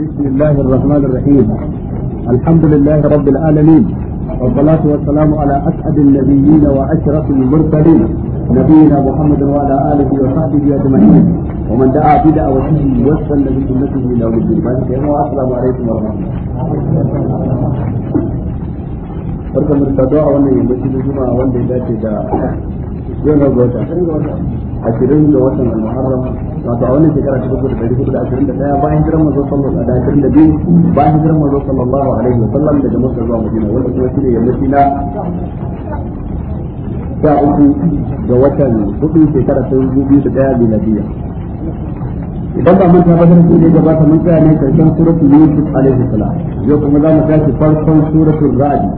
بسم الله الرحمن الرحيم الحمد لله رب العالمين والصلاة والسلام على أسعد النبيين وأشرف المرسلين نبينا محمد وعلى آله وصحبه أجمعين ومن دعا بدعوته وسلم جنته إلى يوم الدين السلام عليكم ورحمة الله barkan mu da a wannan yammaci da juma'a wanda ya dace da yau na gota ashirin ga watan muharram wato a wannan shekara ta da ɗari hudu da ashirin da ɗaya bayan manzo sallallahu da ashirin da biyu bayan manzo sallallahu alaihi wa daga Makka zuwa Madina wanda kuma shi ne na sha uku ga watan hudu shekara ta biyu da ɗaya miladiya idan ba mun ba ne gaba mun tsaya ne karshen suratul yusuf alaihi salam yau kuma za mu tashi farkon suratul ra'd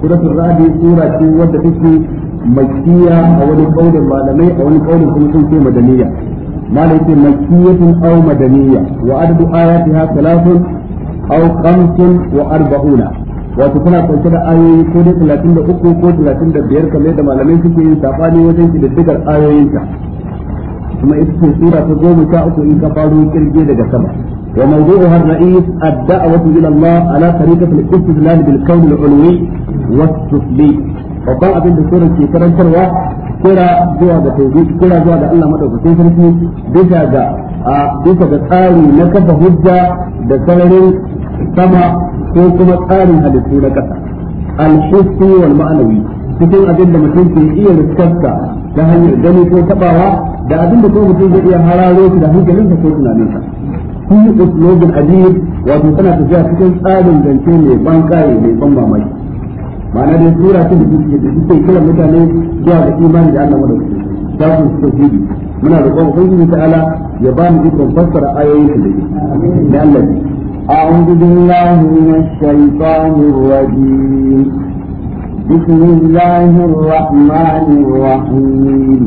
suratul ra'd sura ce wadda take makkiya a wani kaulin malamai a wani kaulin kuma sun ce madaniya مالك مكية أو مدنية وعدد آياتها ثلاث أو خمس وأربعون wato tana da ayoyi ko dai talatin da uku ko talatin da biyar kamar da malamai suke yin saɓani wajen ƙididdigar ayoyinta kuma ita ce ta goma sha uku in ka faro kirge daga sama wa mawdu'uha ar-ra'is ad-da'watu ila Allah ala tariqati babban abin da ke karantarwa kira zuwa ga tauhid kira zuwa ga Allah madaukakin sarki bisa ga a bisa ga tsari na kafa hujja da sararin sama ko kuma tsarin halittu na kasa al-hissi wal ma'anawi cikin abin da mutum ke iya riskarsa ta hanyar gani ko tabawa da abin da kuma mutum zai iya hararo shi da hankalinsa ko tunaninsa shi uslubul adib wato tana tafiya cikin tsarin zance mai ban kare mai ban mamaki ma'ana dai sura ce da take da take kiran mutane zuwa ga imani da Allah madaukaki ta ku tauhidi muna roƙon ubangiji ta'ala ya ba mu ikon fassara ayoyin da yake da Allah أعوذ بالله من الشيطان الرجيم بسم الله الرحمن الرحيم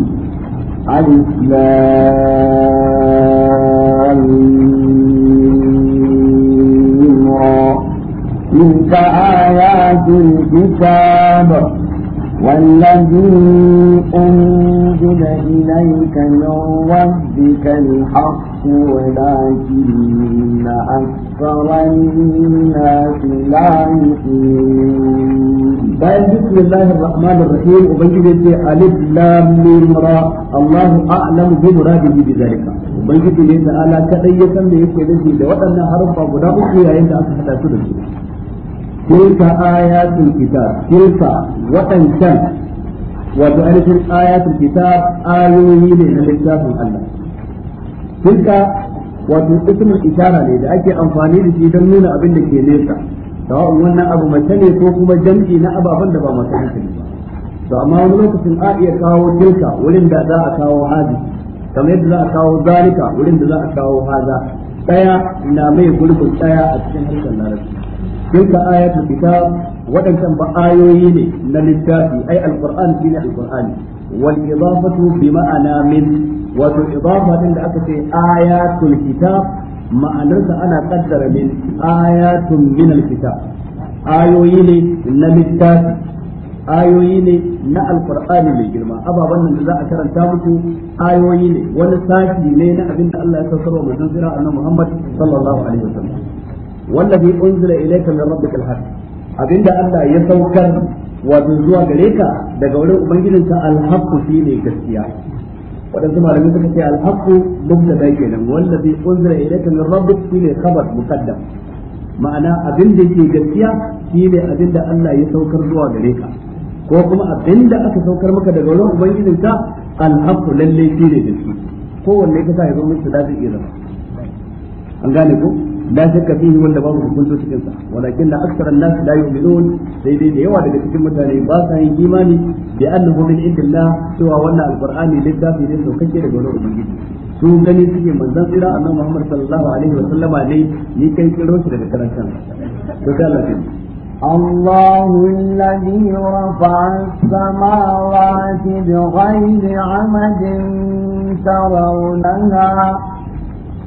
ألف لام تلك آيات الكتاب والذي أنزل إليك من ربك الحق ولكن أكثر الناس لا يؤمنون بسم الله الرحمن الرحيم وبنجد ألف لام ميم را الله أعلم بمراده بذلك ubangiji ne da ala kadai ya san da yake nufi da waɗannan haruffa guda uku yayin da aka hada su da su tilka ayatul kitab tilka waɗancan wato ainihin ayatul kitab ayoyi ne na littafin Allah tilka wato ismul isara ne da ake amfani da shi don nuna abin da ke nesa sawa'un wannan abu mace ne ko kuma jam'i na ababan da ba masu hankali to amma wani lokacin a iya kawo tilka wurin da za a kawo hadi kamar yadda za a kawo zalika wurin da za a kawo haza daya na mai gurbin daya a cikin harshen larabci tilka ayatul kitab wadancan ba ayoyi ne na littafi ai alqur'an shine alqur'an wal idafatu bi ma'ana min wato idafa din da aka ce ayatul kitab ma'anarsa ana ƙaddara min ayatun min alkitab ayoyi ne na littafi ayoyi ne na mai girma ababan nan da za a karanta muku ayoyi ne wani sashi ne na abin da Allah ya sassarwa manzon sirra annabi Muhammad sallallahu alaihi wasallam wallazi unzila ilayka min rabbikal haqq abinda Allah ya saukar wato zuwa gare ka daga wurin ubangijinka alhaqqu shine gaskiya wadansu malamai suka ce alhaqqu mubtada kenan wallazi unzila ilayka min rabbik shine khabar muqaddam ma'ana abin da yake gaskiya shine abin Allah ya saukar zuwa gare ko kuma abinda da aka saukar maka daga wurin ubangijinka alhaqqu lalle shine gaskiya kowanne ka sa ya zama mutadafi irin an gane ko la shakka fihi wanda babu hukunto cikin sa walakin la aktharan nas la yu'minun sai dai da yawa daga cikin mutane ba sa yin imani bi annahu min indillah cewa wannan alqur'ani littafi ne saukake daga wurin ubangiji su gani suke manzon tsira annabi Muhammad sallallahu alaihi wa sallama ne ni kai kiro shi daga karantan الله الذي رفع السماوات بغير عمد ترونها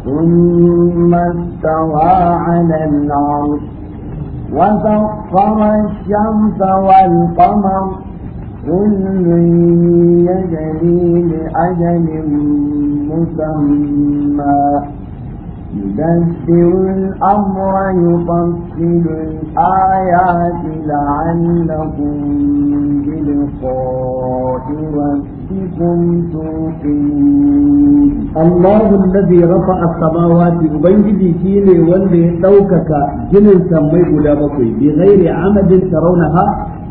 ثم استوى على العرش وسخر الشمس والقمر كل يجري لأجل مسمى يدبر الأمر يفصل الآيات لعلكم بلقاء ربكم ربكم توقنون الله الذي رفع السماوات وبنجدي كيلي واللي توكك جنن سمي mai بكوي بغير عمد ترونها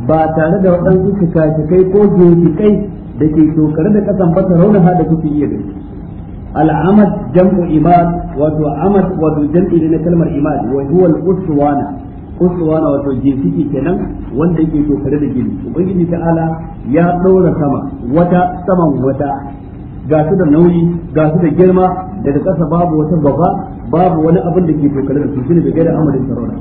ba tare da waɗansu shikashikai ko jokikai da ke tokare da kasan ba raunaha da kuke iya gani al'amad jam'u imad wato amad wato jam'i ne na kalmar imad wa huwa kusurwa na wato ginsiki kenan wanda yake tokare da gini ubangiji ta'ala ya ɗora sama wata saman wata ga su da nauyi ga su da girma daga ƙasa babu wata gaba babu wani abin da ke tokare da su shine da gaira amalin sarora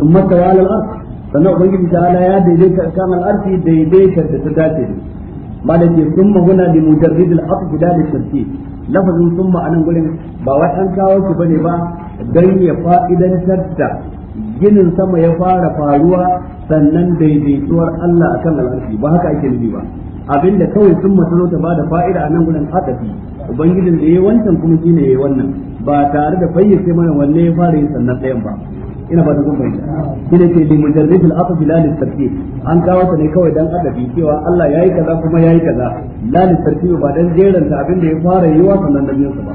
in masa ya al'ar sannan ubangiji ta'ala ya daidaita kamar arfi daidaitar da ta dace malam ya summa huna li mujarrid al-atf da al-tartib lafazin summa anan gurin ba wai an kawo shi bane ba dan ya fa'idantar da ginin sama ya fara faruwa sannan daidaituwar Allah akan al'arshi ba haka ake nufi ba abinda kawai sun masano ta bada fa'ida a nan gudan hadafi ubangijin da yayi wancan kuma shine yayi wannan ba tare da fayyace mana wanne ya fara yin sannan ɗayan ba ina ba da kun fahimta shine ke da mujarrid al aqd la lil tarkib an kawo ta ne kawai dan adabi cewa Allah ya yi kaza kuma ya yi kaza la sarki ba dan jeranta abinda ya fara yi yiwa sannan da yin ba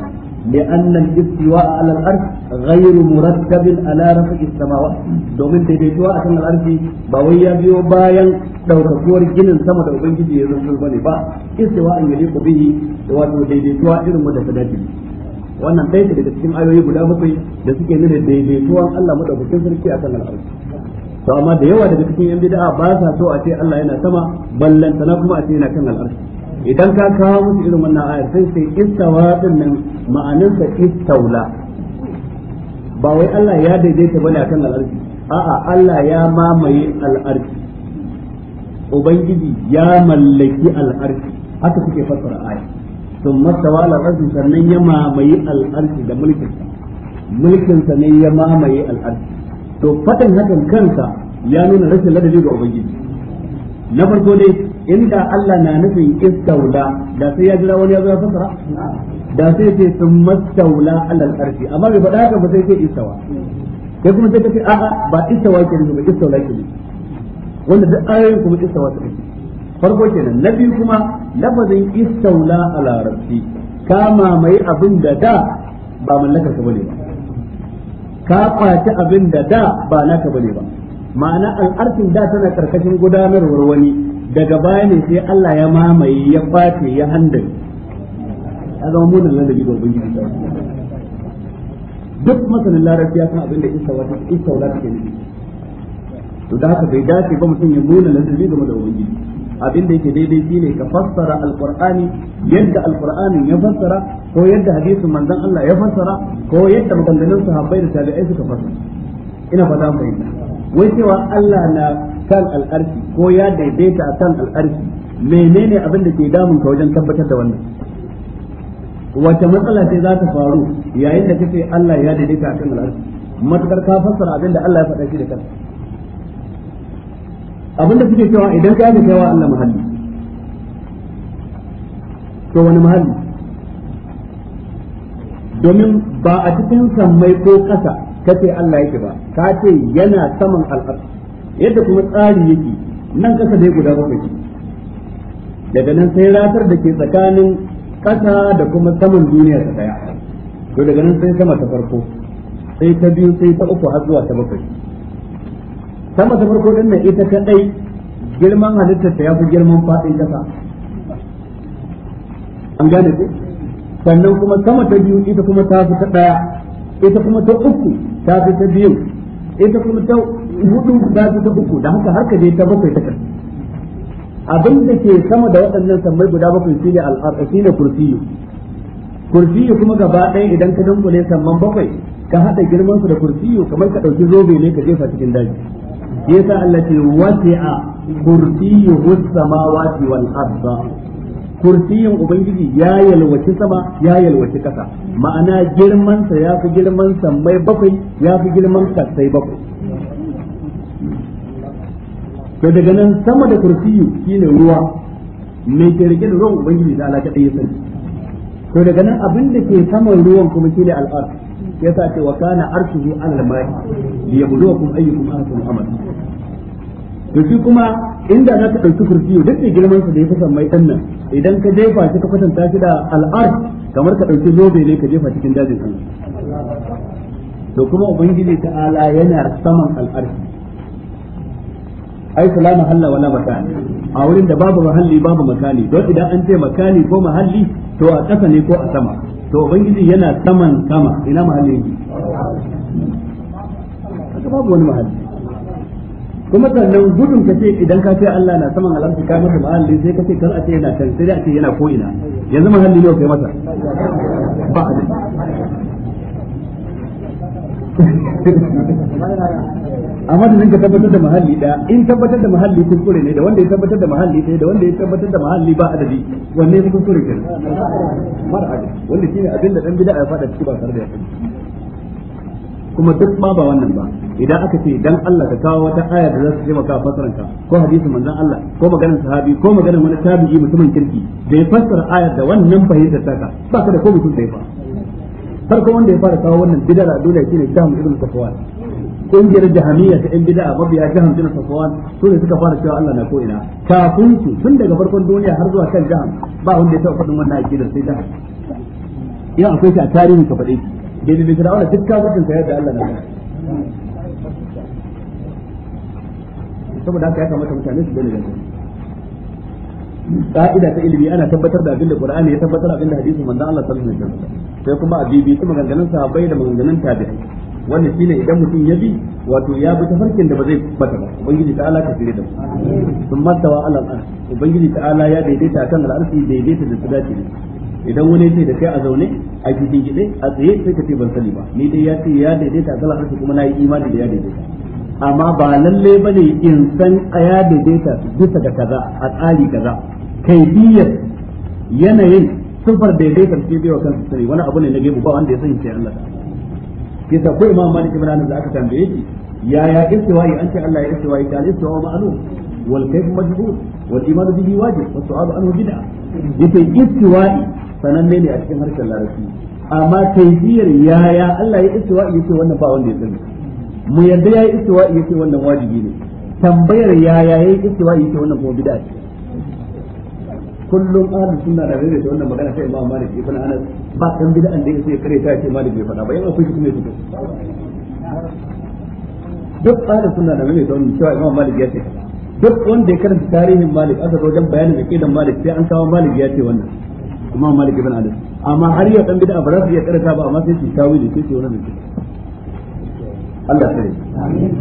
لأن الاستواء على الأرض غير مرتب على رفع السماوات دومين تيديتوا أكن الأرض ginin بيو بايا لو تكور جنن سما دو بنجي يرسل بني با استواء يليق به واتو تيديتوا إرم متفداتي wannan ɗaya ce daga cikin ayoyi guda bakwai da suke nuna daidaituwan Allah madaukakin sarki akan al'arshi to amma da yawa daga cikin yan bida'a ba sa so a ce Allah yana sama ballantana kuma a ce yana kan al'arshi idan ka kawo musu irin wannan ayar sai sai istawa din nan ma'anarsa istaula ba wai Allah ya daidaita bane akan al'arshi a'a Allah ya mamaye al'arshi ubangiji ya mallaki al'arshi haka suke fassara ayar sun mastawa al'arshi sannan ya mamaye al'arshi da mulkin mulkin sa ne ya mamaye al'arshi to fadin hakan kansa ya nuna rashin ladabi ga ubangiji na farko dai inda Allah na nufin istaula da sai ya jira wani ya zo fasara da sai ce sun mastaula alal arshi amma bai faɗa haka ba sai ce istawa kai kuma sai ta ce a'a ba istawa ke nufi ba istaula ke nufi wanda duk ayoyin kuma istawa ta nufi farko kenan na biyu kuma lafazin istaula a larabci ka mai abin da da ba mallakar ka bane ba ka kwaci abin da da ba naka bane ba ma'ana al'arfin da tana karkashin gudanarwar wani daga baya ne sai Allah ya mamaye ya kwace ya handal ya zama munin da ga ubangiji ta duk masanin larabci ya san abin da istawa wata, istawa wata ke nufi to da haka bai dace ba mutum ya nuna ladabi game da ubangiji abin da yake daidai shine ka fassara alqur'ani yadda alqur'anin ya fassara ko yadda hadisin manzon Allah ya fassara ko yadda maganganun sahabbai da tabi'ai suka fassara ina fata fahimta wai cewa Allah na kan al'arshi ko ya daidaita a kan al'arshi menene abin da ke damun ka wajen tabbatar da wannan wace matsala ce za ta faru yayin da kace Allah ya daidaita a kan al'arshi matakar ka fassara abin da Allah ya faɗa shi da kansa abin da suke cewa idan ka yi kaiwa Allah muhalli to wani muhalli domin ba a cikin sammai ko ƙasa kace Allah yake ba ka ce yana saman al'arshi yadda kuma tsari yake nan kasa dai guda bakwai daga nan sai ratar da ke tsakanin kasa da kuma saman duniya ta daya to daga nan sai sama ta farko sai ta biyu sai ta uku har zuwa ta bakwai sama ta farko din nan ita kadai girman halittar ta yafi girman fadin kasa an gane ku sannan kuma sama ta biyu ita kuma ta fi ta daya ita kuma ta uku ta fi ta biyu ita kuma ta hudu ta fi ta uku da haka harka ka je ta bakwai ta karshe abin da ke sama da waɗannan sammai guda bakwai shi ne al'arƙashi ne kursiyu kursiyu kuma gaba ɗaya idan ka dunkule samman bakwai ka haɗa girman da kursiyu kamar ka ɗauki zobe ne ka jefa cikin daji sa Allah ce wasi'a kursiyuhu wati wal arda kursiyin ubangiji ya yalwaci sama ya yalwaci kasa ma'ana girman sa ya fi girman sammai bakwai ya fi girman kasai bakwai to daga nan sama da kursiyu shine ruwa mai ke da ruwan ubangiji da Allah ɗaya sani to daga nan abin da ke saman ruwan kuma shine al'arsh yasa ce wa kana arshuhu ala al-ma'i liyabluwakum ayyukum ahsanu amal to shi kuma inda za ka ɗauki kursiyu duk da girman sa da ya fi san mai nan idan ka jefa shi ka kwatanta shi da al'ar kamar ka ɗauki zobe ne ka jefa cikin dajin Allah to kuma ubangiji ta'ala yana saman al'arshi ai la mahalla wala makani a wurin da babu mahalli babu makani don idan an ce makani ko mahalli to a ƙasa ne ko a sama to ubangiji yana saman sama ina mahalli yake haka babu wani mahalli kuma sannan gudun ka ce idan ka ce Allah na saman alamsu ka masa mahalli sai ka ce kar a ce yana can sai a ce yana ko ina yanzu mahalli ne kai masa ba a amma da ka tabbatar da mahalli da in tabbatar da mahalli kuskure ne da wanda ya tabbatar da mahalli ɗaya da wanda ya tabbatar da mahalli ba adadi wanne ya kuskure ke mara adadi wanda shine abin da dan bid'a ya fada ciki ba tare da ya kuma duk ma ba wannan ba idan aka ce dan Allah ka kawo wata aya da za su taimaka fasaran ka ko hadisin manzon Allah ko maganar sahabi ko maganar wani tabi'i mutumin kirki da ya fassara ayar da wannan fahimtar ta ka ba ka da ko mutum da ya fa farko wanda ya fara kawo wannan bid'a a duniya shine Jahm ibn Safwan kungiyar jahamiya ta yan bid'a mabiya jaham bin safwan su ne suka fara cewa Allah na ko ina kafin su tun daga farkon duniya har zuwa kan jaham ba wanda ya taɓa faɗin wannan aqidar sai jaham idan akwai shi a tarihin ka faɗe shi bai bai fir'auna duk kafircin sa yadda Allah na saboda haka ya kamata mutane su gane gaskiya ka'ida ta ilimi ana tabbatar da abinda Qur'ani ya tabbatar abinda hadisin manzon Allah sallallahu alaihi wasallam sai kuma a bibi kuma maganganun sahabbai da maganganun tabi'in wannan shine idan mutum ya bi wato ya bi tafarkin da ba zai bata ba ubangiji ala ka tsire da mu sun mattawa alal arshi ubangiji ala ya daidaita kan al'arsi daidaita da su dace idan wani ce da kai a zaune a cikin gide a tsaye sai ka ce ban sani ba ni dai ya ce ya daidaita kan al'arsi kuma na yi imani da ya daidaita amma ba lalle bane in san ya daidaita bisa da kaza a tsari kaza biyar yanayin sufar daidaitar ce biyar kan kansa sani wani abu ne na gebu ba wanda ya sani ce Allah ta'ala kisa ko imam malik ibn anas da aka tambaye shi yaya istiwa'i an ce Allah ya istiwa'i ta ne istiwa ma'lum wal kayf majhul wal iman bihi wajib wa su'alu anhu bid'a yace istiwa'i sananne ne a cikin harkar larabci amma ya ya Allah ya istiwa'i yace wannan ba wanda ya sani mu yadda yayi istiwa'i yace wannan wajibi ne tambayar ya yaya yayi istiwa'i yace wannan kuma bid'a ce kullum ahli suna da rere da wannan magana sai imam malik ibn anas ba kan bid'an da yake kare ta ce malik bai faɗa ba yana akwai shi kuma yake duk ahli suna da rere da wannan cewa imam malik ya ce duk wanda ya karanta tarihin malik aka zo wajen bayanin da aqidan malik sai an kawo malik ya ce wannan imam malik ibn anas amma har yau dan bid'a ba za su iya karanta ba amma sai su tawili sai su wannan Allah sai amin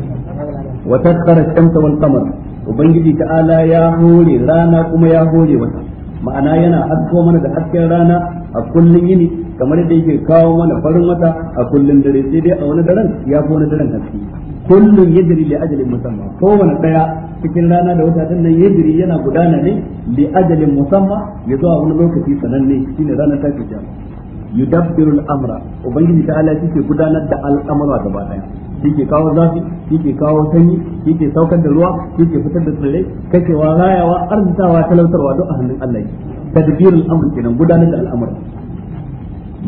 wa takkara shamsa wal qamar ubangiji ta'ala ya hore rana kuma ya hore wata ma'ana yana hasko mana da hasken rana a kullun yini kamar yadda yake kawo mana farin wata a kullun dare sai dai a wani daren ya fi wani daren haske kullun yajri li ajalin musamma kowane daya cikin rana da wata din nan yajri yana gudana ne li ajalin musamma ya zuwa wani lokaci sananne shine ranar ta jama'a yudabbiru al-amra ubangiji ta allah yake gudanar da al'amura gaba daya shi ke kawo zafi shi ke kawo sanyi shi ke saukar da ruwa shi ke fitar da tsirrai kashewa rayawa arzikawa talautarwa duk a hannun Allah ne tadbirul amr kenan gudanar da al'amari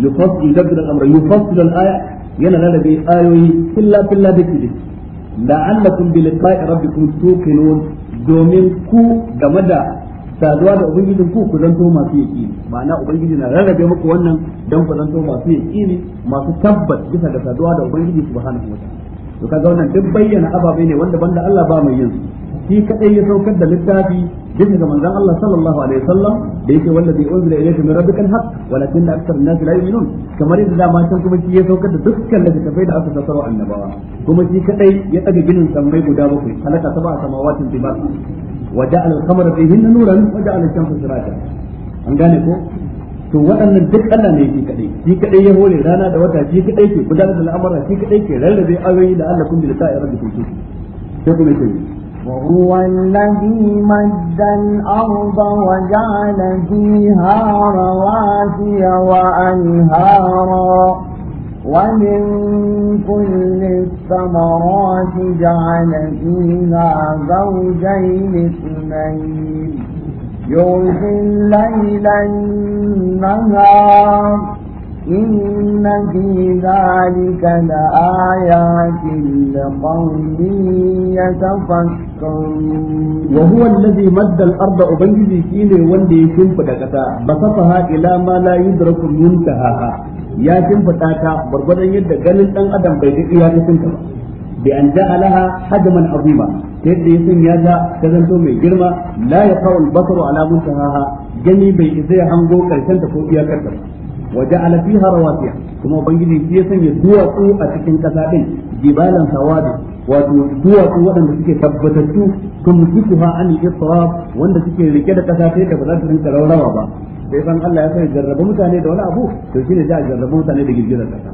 yufassilu yudabbiru al-amra yufassilu al-aya yana lalabe ayoyi illa billa da kidi la'allakum bi liqa'i rabbikum tuqinun domin ku game da saduwa da ubangijin ku ku zanto masu ne ma'ana ubangiji na rarrabe muku wannan dan ku zanto masu ne masu tabbat bisa ga saduwa da ubangiji subhanahu wa ta'ala to kaga wannan duk bayyana ababai ne wanda banda Allah ba mai yin su shi kadai ya saukar da littafi bisa ga manzon Allah sallallahu alaihi wasallam da yake wallazi unzila ilayka min rabbikal haqq walakin akthar an-nas la yu'minun kamar yadda da matan kuma shi ya saukar da dukkan littafai da aka saukar annabawa kuma shi kadai ya daga ginin sammai guda bakwai halaka sab'a samawatin tibaq wa ja'ala al-qamara fihinna nuran wa ja'ala ash-shamsa sirajan an gane ko to waɗannan duk Allah ne shi kadai shi kadai ya hore rana da wata shi kadai ke gudanar da al'amura shi kadai ke rarrabe ayoyi da Allah kun bi da sa'i rabbikum sai kuma yake وهو الذي مد الأرض وجعل فيها رواسي وأنهارا ومن كل الثمرات جعل فيها زوجين اثنين يغشي الليل النهار إن في ذلك لآيات لقوم يتفكرون وهو الذي مد الأرض أبنجي كيني وندي يشوف دكتا بسطها إلى ما لا يدرك منتهاها يا شوف تاتا بربدا يد قلن أن أدم بيدك يا شوف بأن جعلها حجما عظيما تيدي يسن ياتا تزنتو من جرمة لا يقع البصر على منتهاها جني بيزي حمقو كالسنة فوقيا كالسنة wa ja'ala fiha rawasiya kuma ubangiji ya sanya duwatsu a cikin kasa din jibalan sawadu duwatsu waɗanda suke tabbatattu kun mutuwa an isra wanda suke rike da kasa da ba za ta rinka raurawa ba sai san Allah ya sai jarraba mutane da wani abu to shine za a jarraba mutane da girgizar kasa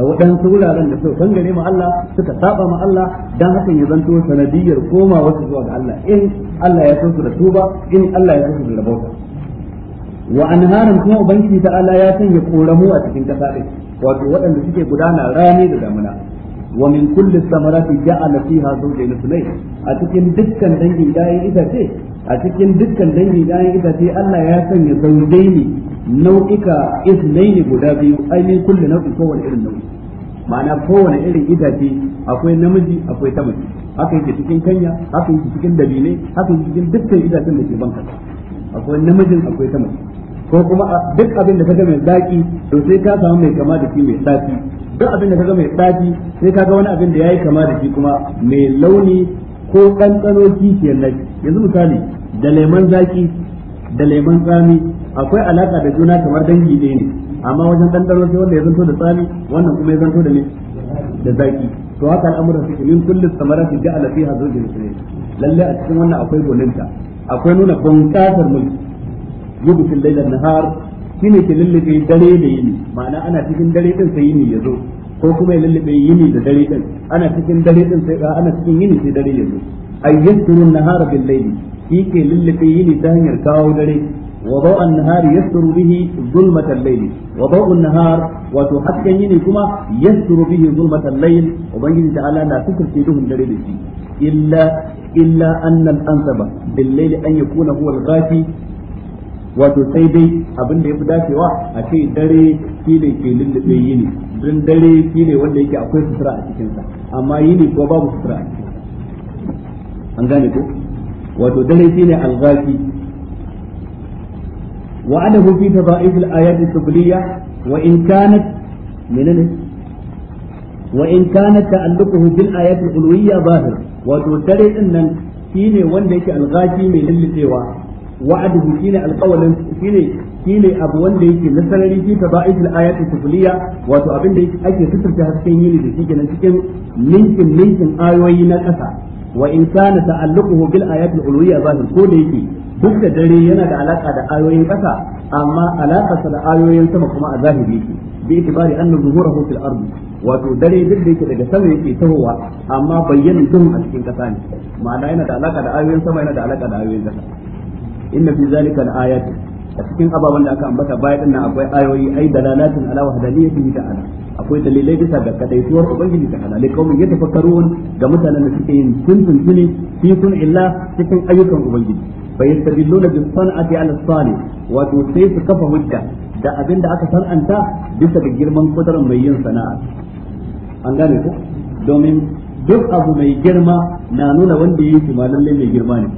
a waɗansu wuraren da suka gangare ma Allah suka saba ma Allah dan hakan ya zanto sanadiyar koma wasu zuwa ga Allah in Allah ya so su da tuba in Allah ya so da rabauta wa anharin kuma ubangiji Allah ya sanya koramu a cikin kasa din wato waɗanda suke gudana rani da damuna wa min kulli samarati ja'ala fiha zawjayn sulay a cikin dukkan dangin ita ce a cikin dukkan dangin ita itace Allah ya sanya zawjayni nau'ika isnaini guda biyu ai min kulli ko wani irin nau'i ma'ana kowane irin itace akwai namiji akwai ta mace haka yake cikin kanya haka yake cikin dabine haka yake cikin dukkan itacen da ke banka akwai namijin akwai ta mace ko kuma duk abin da kaga mai zaki to sai ka samu mai kama da shi mai zaki duk abin da kaga mai zaki sai kaga wani abin da yayi kama da shi kuma mai launi ko ɗanɗano kishiyar yanzu misali da lemon zaki da lemon tsami akwai alaka da juna kamar dangi ne ne amma wajen ɗanɗano sai wanda ya zanto da tsami wannan kuma ya zanto da ne da zaki to haka al'amuran suke min kullu samarati ja'ala fiha zawjin sunay lalle a cikin wannan akwai goninta akwai nuna bunƙasar mulki yubtil laylan nahar shine ke lullube dare da yini ma'ana ana cikin dare din sai yini ya zo ko kuma ya lullube yini da dare din ana cikin dare din sai ana cikin yini sai dare ya zo ayyatu nahara bil layli shi ke lullube yini ta hanyar kawo dare وضوء النهار يستر به ظلمة الليل وضوء النهار وتحكى يني يستر به ظلمة الليل وبين تعالى لا تكر في دهم دليل إلا إلا أن الأنسب بالليل أن يكون هو الغاشي wato sai dai abin da ya fi dacewa a ce dare shi ne ke lullube yini don dare shi ne wanda yake akwai sutura a cikinsa amma ne ko babu sutura a cikinsa an gane ko wato dare shi ne algafi وأنه في تضائف الآيات السفلية وإن كانت من وإن كان تألقه بالآيات العلوية ظاهر وتوتري أن شيني وندك الغاشي من اللي وعده شيني القول شيني شيني أبو وندك نسرري في تضائف الآيات السفلية وتو أبن ديك أجي ستر تهسكين يلي ديك نسكين ممكن ممكن آيوين الأسع وإن كان تألقه بالآيات العلوية ظاهر كل يكي duk da dare yana da alaka da ayoyin ƙasa amma alakarsa da ayoyin sama kuma a zahiri yake bi itibari anna zuhurahu fil ard wato dare duk da yake daga sama yake tahowa amma bayyanin duhun a cikin kasa ne ma'ana yana da alaka da ayoyin sama yana da alaka da ayoyin ƙasa inna fi zalika al a cikin ababen da aka ambata bayan nan akwai ayoyi ai dalalatin ala wahdaniyyatihi ta'ala akwai dalilai bisa ga kadaituwar ubangiji ta'ala ne kaumin yatafakkarun ga mutanen da suke yin tuntun tuni fi sun illa cikin ayyukan ubangiji fa yastadilluna bis san'ati ala salih wato sai su kafa hujja da abin da aka san'anta bisa da girman kudurin mai yin sana'a an gane ku. domin duk abu mai girma na nuna wanda yake ma lallai mai girma ne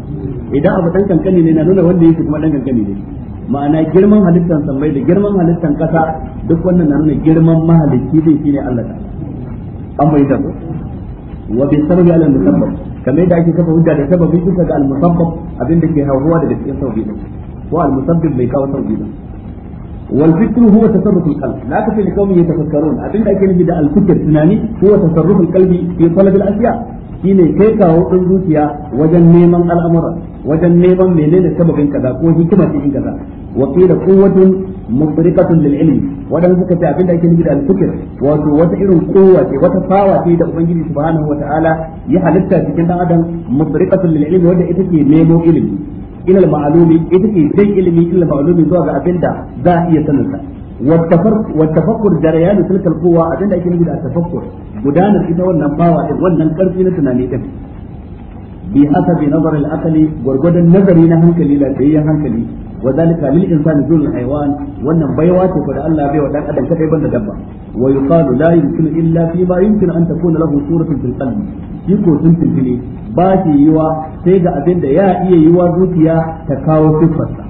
idan abu dan kankani ne na nuna wanda yake kuma dan kankani ne ma'ana girman halittan sammai da girman halittan kasa duk wannan na nuna girman mahalicci ne shine Allah ta an bai da wa bi sababi al musabbab kamar yadda ake kafa hujja da sababi bisa ga al musabbab abin da ke hawuwa da cikin sababi din ko al musabbib bai kawo sababi din wal fikr huwa tasarruf al qalb la kafi li qaumin yatafakkarun abin da ake nufi da al fikr tunani huwa tasarruf al qalbi fi talab al asya shine kai kawo din zuciya wajen neman al'amura wajen neman menene sababin kaza ko hikima cikin kaza wa qila quwwatun mufriqatun lil ilmi wadan suka ce abinda ake nufi da al-fikr wato wata irin kowa ce wata fawa ce da ubangiji subhanahu wataala ya halitta cikin dan adam mufriqatun lil ilmi wanda ita ce nemo ilimi ila al-ma'lumi ita ce dai ilimi ila al-ma'lumi zuwa ga abinda za a iya sanin sa والتفكر جريان تلك القوة أدل أكيد بدأ التفكر بدانا إذا ونباوة ونن كرفين تنانيتم bi hasabi nazar al-aqli gurgudan nazari na hankali da tsayyan hankali wa zalika lil insani dun haywan wannan baiwa ce ko da Allah bai wa dan adam kadai banda dabba wa yuqalu la yumkinu illa fi ma yumkinu an takuna lahu suratun fil qalbi shi ko sun tilfile ba shi yiwa sai ga abin da ya iya yiwa zuciya ta kawo siffarsa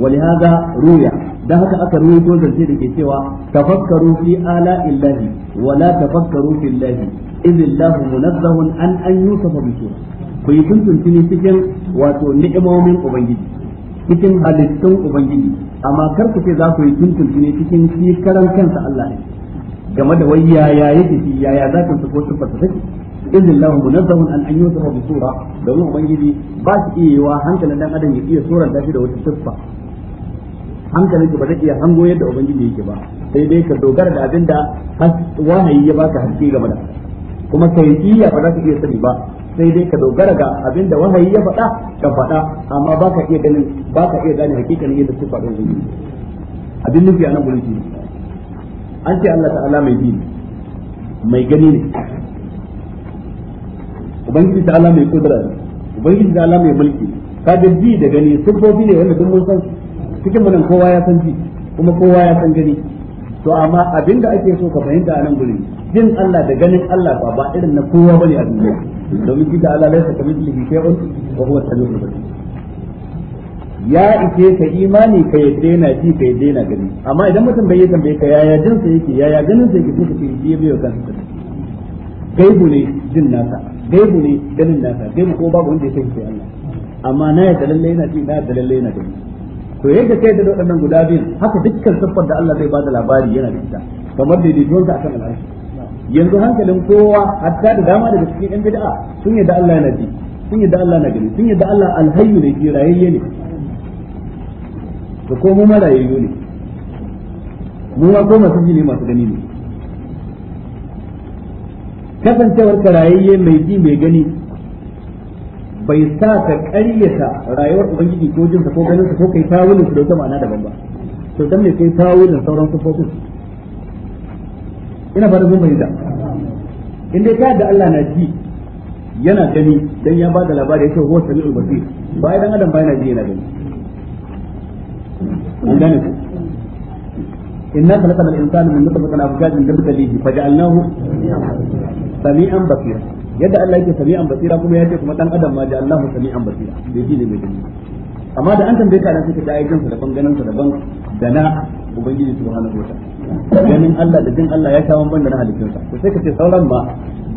ولهذا ruya. da haka aka rubuto zance da ke cewa tafakkaru fi ala illahi wa la tafakkaru fi illahi idh illahu munazzahun an an yusafa ku yi tuntuntuni cikin wato ni'imomin ubangiji cikin halittun ubangiji amma kar ku ce za ku yi tuntuntuni cikin shi karan kansa Allah ne game da wai yaya yake shi yaya zakin su ko sifarsa take izin lahu munazzahun an an yusufa bi sura domin ubangiji ba shi iya yiwa hankalin dan adam ya iya surar da shi da wata siffa hankalin ba zai iya hango yadda ubangiji yake ba sai dai ka dogara da abin da wahayi ya baka haske game da kuma kai iya ba za ka iya sani ba sai dai ka dogara ga da wahayi ya faɗa ka faɗa amma ba ka iya ganin ba ka iya gane hakikanin yadda su faɗin zuwa abin nufi a nan gudun shi an ce Allah ta'ala mai bi mai gani ne ubangiji ta'ala mai kudura ne ubangiji ta'ala mai mulki ka da bi da gani sifofi ne wanda duk mun san cikin munan kowa ya san ji kuma kowa ya san gani to amma abin da ake so ka fahimta a nan gudun jin Allah da ganin Allah ba ba irin na kowa bane a duniya domin shi ta'ala laysa ke shay'un wa huwa as-sami'ul basir ya ike ka imani ka yadda yana ji ka yadda yana gani amma idan mutum bai yi tambaye ka yaya jin sa yake yaya ganin sa yake kuka ce ji biyo kan sa gaibu ne jin nasa gaibu ne ganin nasa gaibu ko babu wanda ya san shi Allah amma na yadda lalle yana ji na yadda lalle yana gani to yadda kai da nan guda biyu haka dukkan siffar da Allah zai bada labari yana da ita kamar daidaituwar ta akan al'arshi yanzu hankalin kowa hatta da dama daga cikin yan bid'a sun yadda Allah na ji sun yadda Allah na gani sun yadda Allah alhayyu ne ji rayayye ne to ko mu marayayyu ne mu ma ko masu ji ne masu gani ne kasancewar ka rayayye mai ji mai gani bai sa ka ƙaryata rayuwar ubangiji ko jinsa ko ganinsa ko kai tawulin su da wata ma'ana daban ba to dan ne kai tawulin sauran sufofin ina ba da zo mai da in dai da Allah na ji yana gani dan ya ba da labari yake huwa sami'ul basir bai dan adam bai na ji yana gani an gane ku inna al insana min nutfatin afjajin nabtalihi faj'alnahu sami'an basira yadda Allah yake sami'an basira kuma yake kuma dan adam ma ja'alnahu sami'an basira bai ji ne mai gani amma da an tambaye ka nan suka da ayyukansa daban ganin sa daban da na ubangiji subhanahu wa ta'ala ganin Allah da jin Allah ya kawo banda na halittunsa to sai ka ce sauran ma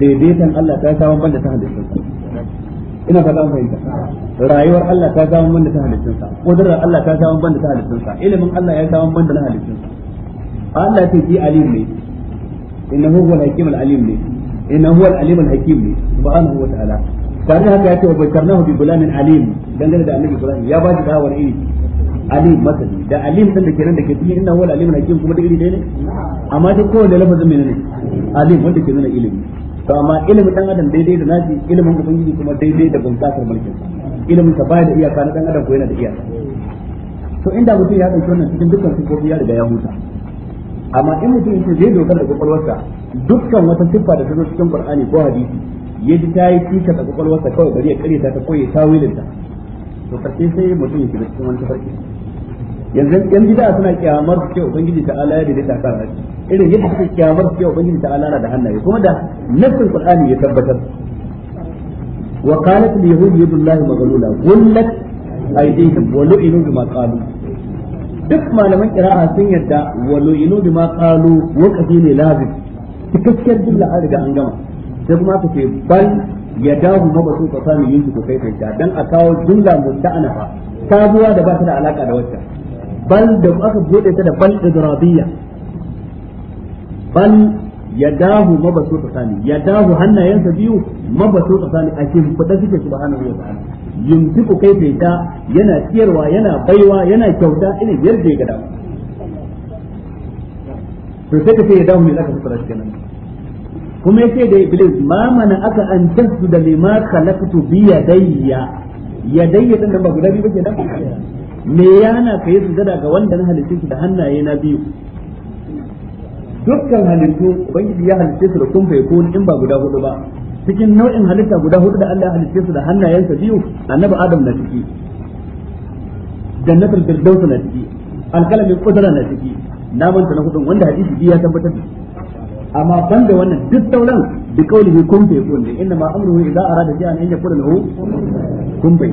daidaitan Allah ta kawo banda ta halittunsa ina fata an fahimta rayuwar Allah ta kawo banda ta halittunsa kudurar Allah ta kawo banda ta halittunsa ilimin Allah ya kawo banda na halittunsa Allah ta ji alim ne innahu huwal hakim al alim ne innahu huwal alim al hakim ne subhanahu wa ta'ala tare haka ya ce wa bakarnahu bi bulanin alim dangane da annabi Ibrahim ya ba shi dawar iri alim masali da alim din da ke nan da ke cikin inna wal alim hakim kuma da iri dai ne amma dai da lafazin ne alim wanda ke nuna ilimi to amma ilimi dan adam daidai da nashi ilimin ubangiji kuma daidai da bunkasar mulkin ilimin ta baya da iyaka na dan adam ko yana da iyaka to inda mutum ya dauki wannan cikin dukkan sifofi ya riga ya huta amma in mutum yake zai dogara da kwakwalwarsa dukkan wata siffa da ta zo cikin qur'ani ko hadisi ya ji ta yi tushe da kwakwalwarsa kawai bari ya kare ta ta koyi tawilinta to karshe sai mutum ya shiga cikin wani tafarki yanzu yan bid'a suna kyamar su cewa ubangiji ta'ala ya daidaita kan harshe irin yadda suke kyamar su cewa ubangiji ta'ala na da hannaye kuma da nassin qur'ani ya tabbatar wa qalat al yahud yadullah maghlula gullat aydihim wa lu'inu bima qalu duk malaman qira'a sun yadda wa lu'inu bima qalu wa qadini lazim cikakkiyar jumla an riga an gama sai kuma ka ce ban ya bal yadahu mabsu qasami yuntu kai kai dan a kawo jumla ta zuwa da ba ta da alaka da wacce bal da aka bude ta da bal idrabiya bal yadahu mabasu tsani yadahu hannayensa biyu mabasu tsani a cikin fada suke subhanahu wa ta'ala yumsiku kaifa ta yana tiyarwa yana baiwa yana kyauta irin yarda ya gada to sai ka ce yadahu ne zaka fara shi kenan kuma yace da iblis ma mana aka an tasdu da lima khalaqtu bi yadayya yadayya din ba guda biyu ba me ya hana ka yi sujada ga wanda na halitta shi da hannaye na biyu dukkan halittu ubangiji ya halitta su da kun ko yakun in ba guda hudu ba cikin nau'in halitta guda hudu da Allah ya halitta su da hannayensa biyu annabi adam na ciki jannatul firdaus na ciki alqalamin qudra na ciki na manta na hudun wanda hadisi ya tabbatar amma banda wannan duk sauran bi kaulihi kun fa yakun inna ma amruhu idza arada shay'an an yakuna lahu kun fa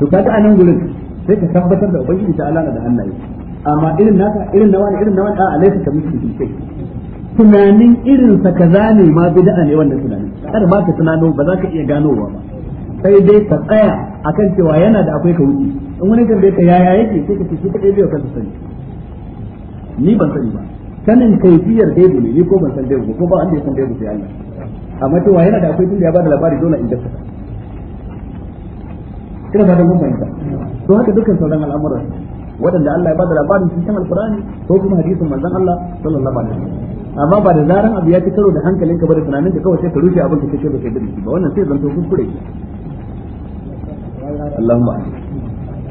to kaga anan gurin sai ka tabbatar da ubangiji ta Allah da Allah amma irin naka irin nawa irin nawa a alaika kamar shi kai tunanin irin sa kaza ne ma bid'a ne wannan tunanin kar ba ka tunano ba za ka iya ganowa ba sai dai ka tsaya akan cewa yana da akwai ka wuce in wani bai ka yaya yake sai ka ce shi kadai bai ka sani ni ban sani ba sanin kaifiyar gaibu ne ni ko ban san ba, ko ba wanda ya san gaibu sai Allah amma wa yana da akwai tunda ya bada labari dole in gaskata ina ba da mun bayyana to haka dukkan sauran al'amuran waɗanda Allah ya ba bada labarin cikin alkurani ko kuma hadisin manzon Allah sallallahu alaihi wasallam amma ba da zaran abu ya ci karo da hankalinka ba da tunaninka kawai sai ka rufe abin ka kace ba kai dirki ba wannan sai zanto kuskure Allahumma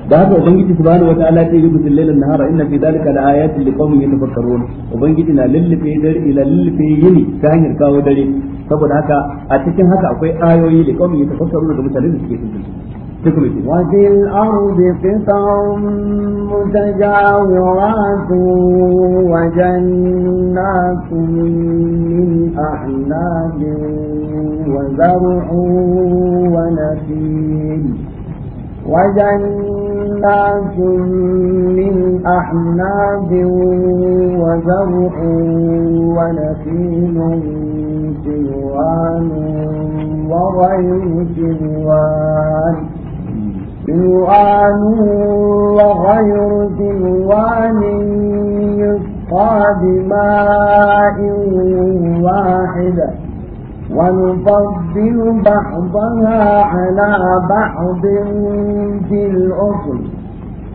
da haka ubangiji subhanahu wataala ya yi bisin lailan nahara inna fi dalika la ayatin liqaumin yatafakkarun ubangiji na lillafe dare ila lillafe yini ta hanyar kawo dare saboda haka a cikin haka akwai ayoyi da kawai ta fassaruna da mutanen da suke tuntuntu wajen الأرض قطع متجاورات وجنات من أعناب وزرع ونخيل وجنات من أحناب وزرع ونخيل سلوان وغير سلوان سلوان وغير سلوان يسقى بماء واحدة ونفضل بعضها على بعض في الأصل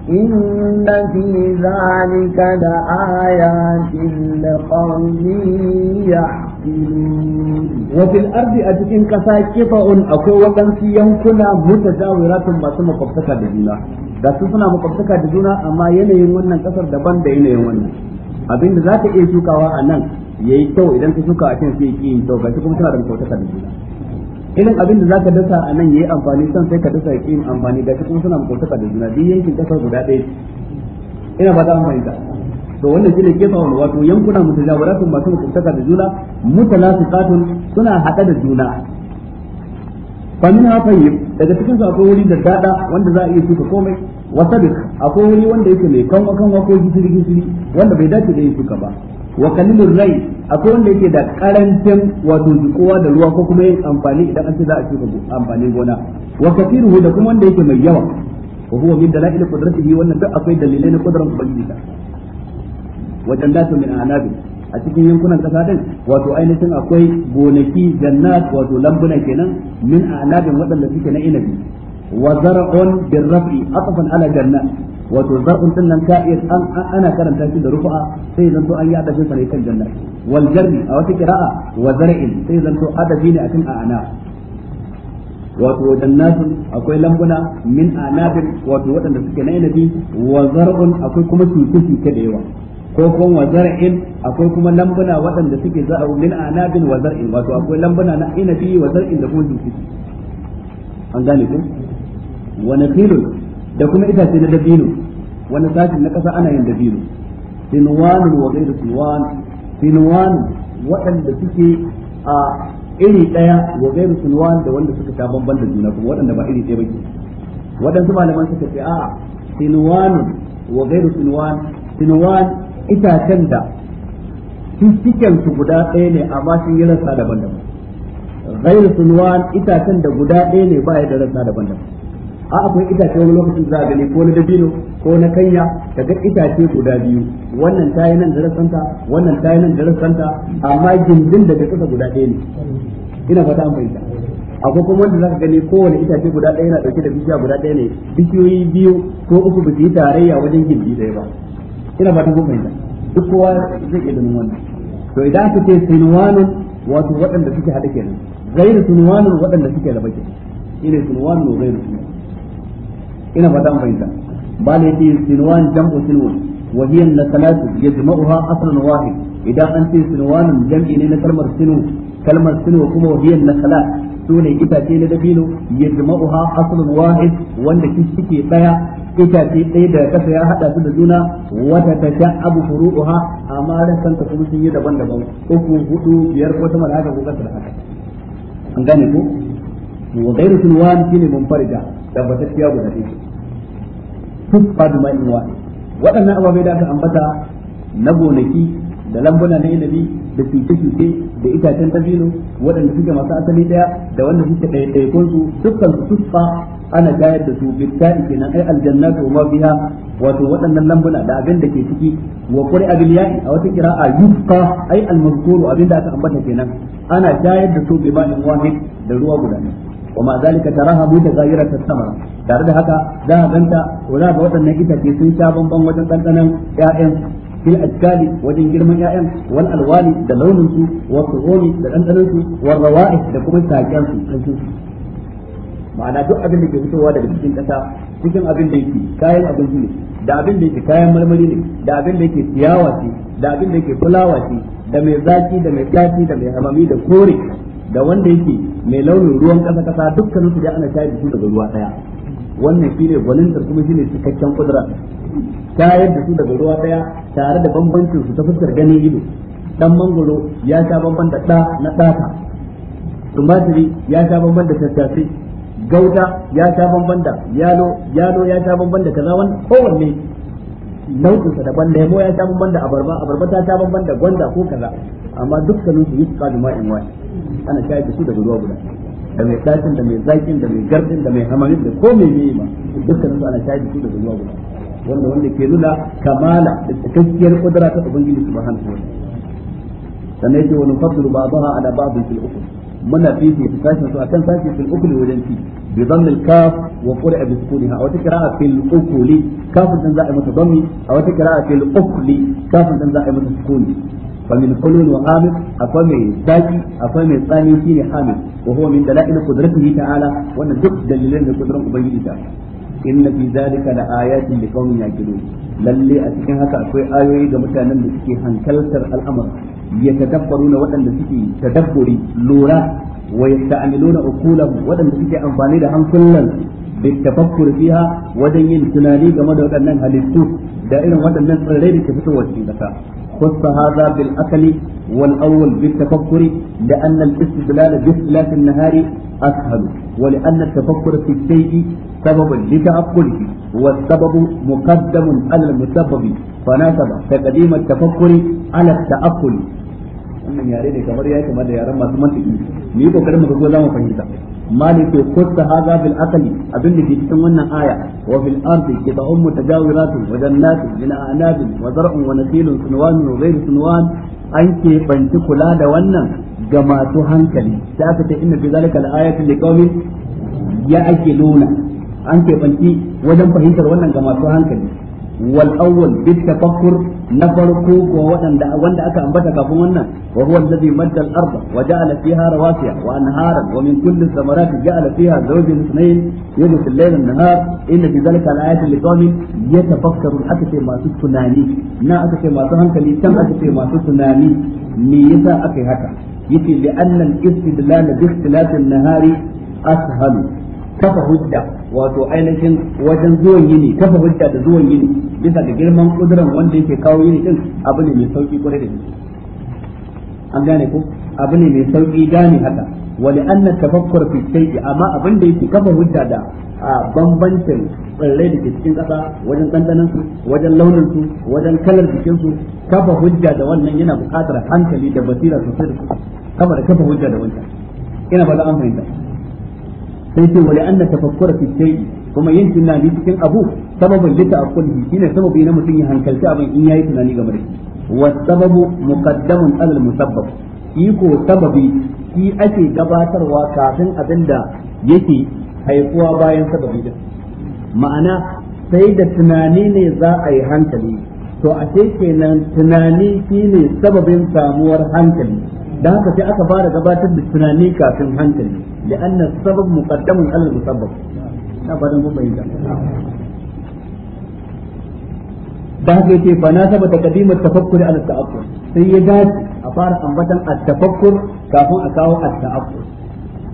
إن في ذلك لآيات لقوم يحفظون وفي ardi a cikin ƙasa kifa'un akwai waɗansu yankuna mutajawiratun masu ما da juna da دا suna مقبتك da juna amma yanayin wannan ƙasar daban da yanayin wannan abinda za ka iya shukawa a nan ya yi kyau idan ka shuka a can sai kuma tana da da juna Idan abin da zaka dasa a nan yayi amfani san sai ka dasa ya amfani gashi kuma suna makwabtaka da juna duk yankin ƙasar guda ɗaya ina ba ta amfani to wannan shine kefa wani wato yankuna mutajawaratun masu mutuntaka da juna mutalasiqatun suna hada da juna fa min hafayi daga cikin su akwai wuri da dada wanda za a iya shuka komai wa sabiq akwai wuri wanda yake mai kanwa kanwa ko gishiri gishiri wanda bai dace da yin shuka ba wa kalilur rai akwai wanda yake da karancin wato jikowa da ruwa ko kuma yin amfani idan an ce za a shuka amfanin gona wa kafiruhu da kuma wanda yake mai yawa wa huwa min dalail qudratihi wannan duk akwai dalilai na qudran ubangiji Wajen jannatin min anabi a cikin yankunan kasa din wato ainihin akwai gonaki jannat wato lambuna kenan min anabin waɗanda suke na inabi wa zar'un birrafi atafan ala jannat wato zar'un din nan ka iya an ana karanta shi da rufa sai zan to an yi adabin sa ne kan jannat wal jarri a wata qira'a wa zar'in sai zan to adabi ne akan a'ana wato jannatin akwai lambuna min anabin wato waɗanda suke na inabi wa zar'un akwai kuma shuke-shuke da yawa ko kuma wa zar'in akwai kuma lambuna waɗanda suke za'u min anabin wa zar'in wato akwai lambuna na inabi wa zar'in da kuma jinsi an gane ku Wani nakhilun da kuma itace na dabino wani sashin na ƙasa ana yin dabino sinwan wa ghayru sinwan sinwan waɗanda suke a iri ɗaya wa ghayru sinwan da wanda suka ta bamban da juna kuma waɗanda ba iri ɗaya ba ke waɗansu malaman suka ce a'a sinwan wa ghayru sinwan sinwan itacen da cikin su guda ɗaya ne amma sun yi rasa daban-daban ghairu sunwan itacen da guda ɗaya ne ba ya da rasa daban-daban a akwai itace wani lokacin za a gani ko na dabino ko na kanya ka ga itace guda biyu wannan ta yi nan da rasanta wannan ta yi nan da rasanta amma gindin daga kasa guda ɗaya ne ina fata an fahimta akwai kuma wanda zaka gani kowane itace guda ɗaya yana ɗauke da bishiya guda ɗaya ne bishiyoyi biyu ko uku ba su yi tarayya wajen gindi ɗaya ba ina fatan kun fahimta duk kowa zai iya ganin wannan to idan aka ce sinwanin wato waɗanda suke haɗe kenan gairu sinwanin waɗanda suke raba kenan ina sinwanin wa gairu ina ba ta fahimta ba ne ce sinwan jam'u sinwan wa hiya nasalatu yajma'uha asalin wahid idan an ce sinwanin jam'i ne na kalmar sinu kalmar sinu kuma wa na nasalat sune itace na dabino yajma'uha aslun wahid wanda shi suke daya itace ɗaya daga kasa ya hada su da juna wata ta sha abu furu'uha amma rasanta kuma sun yi daban-daban uku hudu biyar wata mara haka ko kasa da haka an gane ko wa ghairu sunwan shine munfarida tabbatacciya guda ɗaya tuffa da ma'in wa'i waɗannan ababai da aka ambata na gonaki da lambuna na inabi da fice-fice da itacen dabino waɗanda suke masu asali ɗaya da wanda suke ɗaiɗaikun su dukkan su tuffa ana gayar da su bittani kenan ai aljanna aljannatu ma biya wato waɗannan lambuna da abin da ke ciki wa kuri abin a wata kira yufka ai al abin da aka ambata kenan ana gayar da su bi ma'in wahid da ruwa guda ne وما ذلك تراها متغيرة الثمرة tare da haka za a ganta ko za ga waɗannan itace sun sha bamban wajen ɗanɗanon ƴaƴan bil ajkali wajen girman ya'yan wal alwali da launin su wa tuhumi da dandanon su wa rawa'i da kuma saƙen su kan su ma'ana duk abin da ke fitowa daga cikin ƙasa cikin abin da yake kayan abinci ne da abin da yake kayan marmari ne da abin da yake ciyawa ce da abin da yake fulawa ce da mai zaki da mai kaci da mai hamami da kore da wanda yake mai launin ruwan kasa kasa dukkanin su da ana shayar da su daga ruwa daya wannan shine gwanintar kuma shine cikakken kudura shayar da su daga ruwa daya tare da bambancin su ta fuskar ganin ido dan mangoro ya sha bamban da da na data tumatiri ya sha bamban da tattasai gauta ya sha bamban da yalo yalo ya sha bamban da kaza wannan kowanne nau'in sa daban lemo ya sha bamban da abarba abarba ta sha bamban da gwanda ko kaza amma dukkanin su yi tsadu ma'in wani ana shayar da su daga ruwa guda da mai ɗakin, da mai zakin da mai gardin da mai hamarin da ko mai meye ma dukkan su ana shaidi su da zuwa guda wanda wanda ke nuna kamala da cikakkiyar kudura ta ubangiji subhanahu wa wani. sannan yake wani fadlu ba'daha ala ba'd fil ukhra muna fifi ta sashin su akan sashi fil ukuli wajen ci bi dhamm al kaf wa qura a wata wa a fil ukuli kafin za a yi mata dhammi a wata a fil ukuli kafin za a yi mata sukuni فمن حلول وحامد أقوى من ذاتي أقوى من ثاني فيه حامد وهو من دلائل قدرته تعالى وأن دق دليلين لقدرة أبيه تعالى إن في ذلك لآيات لقوم يعقلون للي أتكن هكا أقوى آيوي دمتانا لسكي هنكلتر الأمر يتدبرون وأن لسكي تدبري لورا ويستعملون أقولهم وأن لسكي أنفاني لهم كلا بالتفكر فيها وزين تنالي كما دعوة أنها للسوق دائما وأن لسكي ريدي تفتوى السيدة خص هذا بالأكل والأول بالتفكر لأن الاستدلال باختلاف النهار أسهل ولأن التفكر في الشيء سبب لتأكله والسبب مقدم على المسبب فناسب تقديم التفكر على التأكل wannan yare ne kamar ya da yaren masu mantiki mu kokarin mu ga za fahimta malik ke kusta hadha bil aqli abin da ke cikin wannan aya wa fil ardi qita'un mutajawiratun wa jannatun min a'nabin wa zar'un wa wa sunwan an ke banci kula da wannan ga masu hankali da aka ce inna fi zalika al an ke banci wajen fahimtar wannan ga masu hankali wal awwal bit na farko ko wanda aka ambata kafin wannan wa huwa alladhi madda al arda wa ja'ala fiha rawasiya wa anharan wa min kulli thamarati ja'ala fiha zawjan ithnayn yajlis al layla an nahar inna fi dhalika al ayatin li qaumin yatafakkarun aka ce masu tunani na aka ce masu hankali can aka ce masu tunani me yasa aka yi haka yace li anna al nahari ashalu kafa hujja wato ainihin wajen zuwan yini kafa hujja da zuwan yini bisa ga girman kuduran wanda yake kawo yini din abu ne mai sauki kwarai da gaske an gane ko abu ne mai sauki gane haka wani anna tafakkur fi shay'i amma abin da yake kafa hujja da bambancin tsirrai da ke cikin ƙasa wajen ɗanɗanan su wajen launin su wajen kalar jikin su kafa hujja da wannan yana buƙatar hankali da basira sosai da sosai kafa hujja da wancan ina ba za an fahimta sai ce wala anna tafakkura fi shay'i kuma yin tunani cikin abu sababin lita akulhi shine sababi na mutum ya hankalci abin in yayi tunani game da shi wa sababu muqaddamun alal musabbab iko sababi shi ake gabatarwa kafin abin da yake haifuwa bayan sababi din ma'ana sai da tunani ne za a yi hankali to a kenan tunani shine sababin samuwar hankali da haka sai aka fara gabatar da tunani kafin hankali da anna sabab muqaddamun ala musabbab na ba mun bayyana da haka yake fa na tafakkur ala ta'akkur sai ya dace a fara ambatan at-tafakkur kafin a kawo at-ta'akkur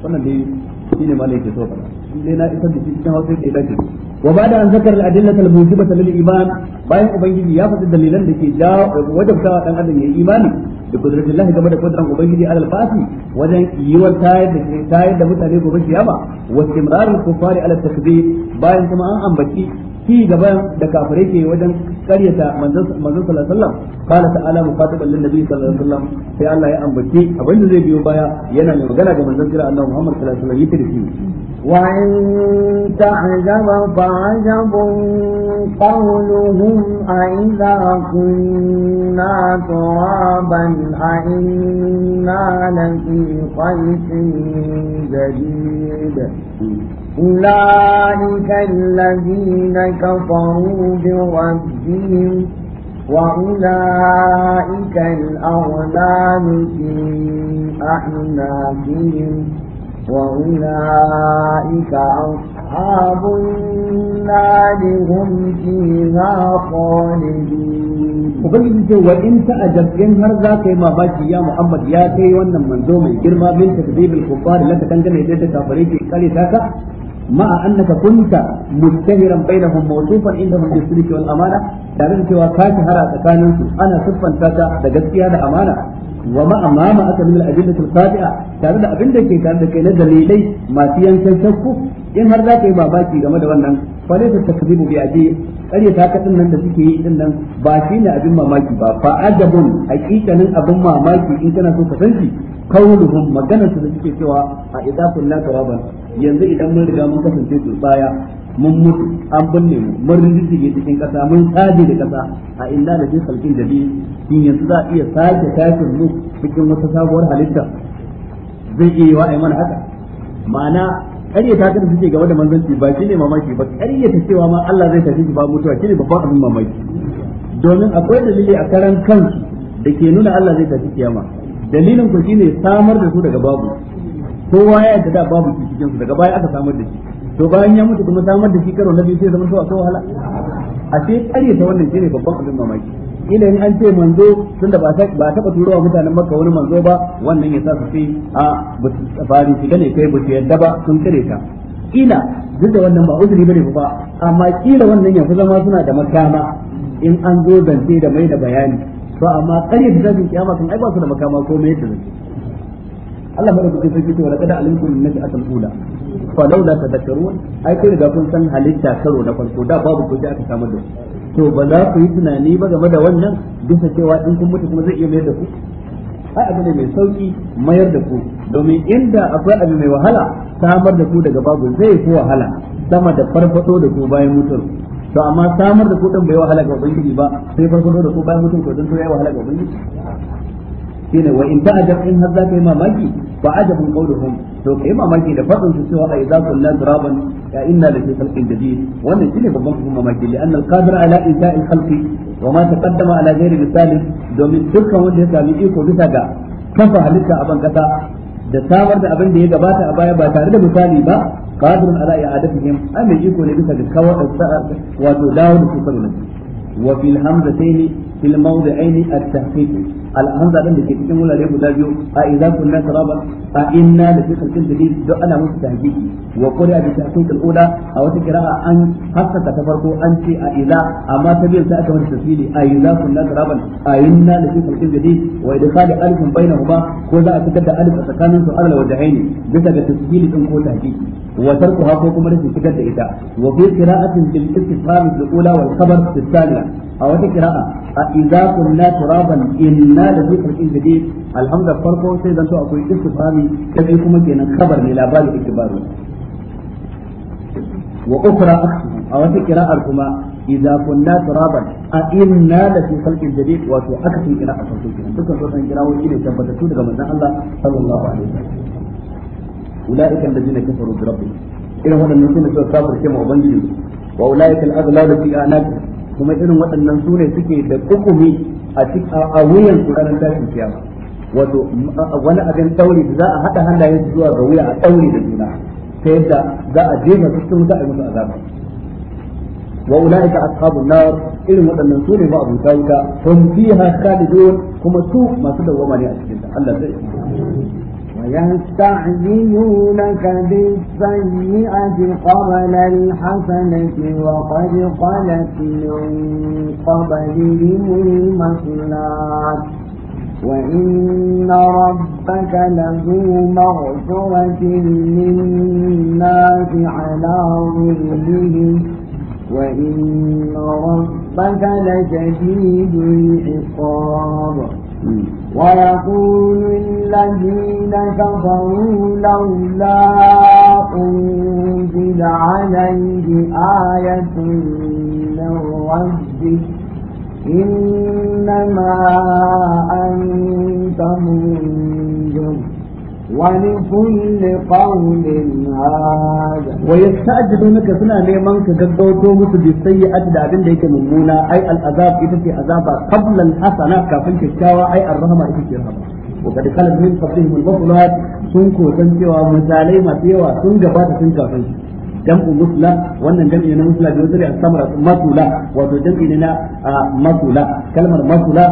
wannan dai shine malai ke so fara dai na isar da shi cikin hausa da dace wa ba da an zakar al-adillata al-mujibata lil iman bayan ubangiji ya faɗi dalilan da ke ja wajabta dan adam ya imani da kudratullahi game da kudran ubangiji alal fasi wajen yiwar tayar da tayar da mutane gobe kiyama wa istimrarul kufari ala takdhib bayan kuma an ambaci ci gaban da kafirai ke wajen karyata manzon sallallahu alaihi wasallam qala ta'ala muqatiban lin nabi sallallahu alaihi wasallam sai Allah ya ambaci ambace da zai biyo baya yana mai magana ga manzon kira Allah Muhammad sallallahu alaihi wasallam yake da وإن تعجب فعجب قولهم أئذا كنا ترابا أئنا لفي خلق جديد أولئك الذين كفروا بربهم وأولئك الأغلال في أعناقهم وأولئك أصحاب النار هم فيها خالدين وبنجي ce wa in ta'ajab in har za ka yi mamaki ya Muhammad ya kai wannan manzo mai girma min takdibil kuffar laka dangane da kafare ke kare ta ka ma annaka kunta mustahiran bainahum mawsufan indahum bis-sidqi wal amana da ran cewa ka shahara tsakanin su ana siffanta ta da gaskiya da amana wa ma amama aka min al-adillati al tare da abin da ke tare da kai na dalilai masu yankan shakku in har za ka yi babaki game da wannan fa ne ta takzibu bi aji ƙarya ta kadin nan da suke yi din nan ba shi ne abin mamaki ba fa adabun haƙiƙanin abin mamaki in kana so ka san shi kauluhum maganar su da suke cewa a idza kunna turaban yanzu idan mun riga mun kasance su baya mun mutu an binne mu mun rinjige cikin kasa mun tsage da kasa a illa da salkin da biyu shin yanzu za iya sake tashin mu cikin wata sabuwar halitta zai iya wa ai mana haka ma'ana ƙarya ta kada suke game da manzanci ba shi ne mamaki ba ƙarya ta cewa ma Allah zai tafi shi ba mutuwa ba babban abin mamaki domin akwai dalili a karan kansu da ke nuna Allah zai tafi kiyama dalilin ku shine samar da su daga babu kowa ya yadda da babu cikin su daga baya aka samar da shi to bayan ya mutu kuma samar da shi karo na biyu sai zama to akwai wahala a ce kare ta wannan shine babban abin mamaki ila in an ce manzo da ba a taba turowa mutanen makka wani manzo ba wannan ya sa su fi, a ba su fari gane kai ba su yadda ba sun kare ta kila duk da wannan ba uzuri bane ba amma kila wannan ya fi zama suna da makama in an zo zance da mai da bayani to amma kare da zafin kiyama kan ai ba su da makama ko mai da zance Allah madaukakin sarki ce wa laqad alimtum min naj'atul ula falaula tadakkarun ai kai riga kun san halitta karo na farko da babu ku aka samar da to ba za ku yi tunani ba game da wannan bisa cewa in kun mutu kuma zai iya mayar da ku ai abu ne mai sauki mayar da ku domin inda akwai abu mai wahala samar da ku daga babu zai fi wahala sama da farfado da ku bayan mutuwa to amma samar da ku din bai wahala ga ubangiji ba sai farfado da ku bayan mutuwa ko dan to yayi wahala ga ubangiji shine wa in ta'ajab in har ka yi mamaki fa ajabun qawluhum to kai mamaki da fadin su cewa yi za kunna turaban ya inna lafi da jadid wannan ne babban kuma mamaki li anna al-qadir ala ita'il khalqi wa ma taqaddama ala ghairi misali domin dukkan wanda ya sami iko bisa ga kafa halitta a ban kasa da samar da abin da ya gabata a baya ba tare da misali ba qadirun ala i'adatihim ai mai iko ne bisa ga kawai wato dawo da su kan wa fil hamzataini fil mawdi'aini at-tahqiq alhamza din da ke cikin wurare guda biyu a idza kunna turaban a inna da fi khalqin jadid do ana musu tahqiqi wa qura a tahqiq al-ula a wata a an haskaka ta farko an ce a idza amma ta biyu sai aka wani tafsiri a idza kunna turaban a inna da fi khalqin jadid wa idkhal alifin bainahuma ko za a fitar da alif a tsakanin su alal wajhaini bisa ga tafsiri din ko tahqiqi wa tarkuha ko kuma rashin fitar da ita wa fi qira'atin bil istifham al-ula wal khabar fi a wata qira'a a idza kunna turaban inna ma da zikr din jadid alhamda farko sai zanto akwai istifhami kabi kuma kenan kabar ne labari ikbaru wa ukhra a wata qira'ar kuma idza kunna turaban a inna la fi khalqin jadid wa to akasin qira'a ta kenan dukkan sauran qira'o ne tabbatattu daga manzon Allah sallallahu alaihi wasallam ulaika alladhina kafaru bi rabbihim irin waɗannan sune suka kafirce ma ubangiji wa ulaika al-aghlalu fi anaqihim kuma irin waɗannan sune suke da hukumi a wuyan su tashin kiyama wato wani abin tauri da za a haɗa hannayen su zuwa ga wuya a tauri da juna ta yadda za a je su cikin wuta a musu azaba wa ulaika ashabun nar irin waɗannan su ne ba abuta wuta hum fiha khalidun kuma su masu dawwama ne a cikin ta Allah zai يستعجلونك بالسيئة قبل الحسنة وقد خلت من قبلهم المصلات وإن ربك لذو مغفرة للناس على ظلمهم وإن ربك لشديد العقاب ويقول الذين كفروا لولا أنزل عليه آية من ربه إنما أنت منذر ولكل قوم هذا ويستعجلونك سنة لمن كجدوتو مثل بالسيئة دابين ديك ممونا أي الأذاب إتتي أذابا قبل الحسنة كافن كشكاوى أي الرحمة إتتي الرحمة وقد خلت من قبلهم البطلات سنكو سنكوى مسالي ما سيوى سنجبات سنكافن jam'u musla wannan jam'i na musla da yuzuri al-samra masula wato jam'i ne na masula kalmar masula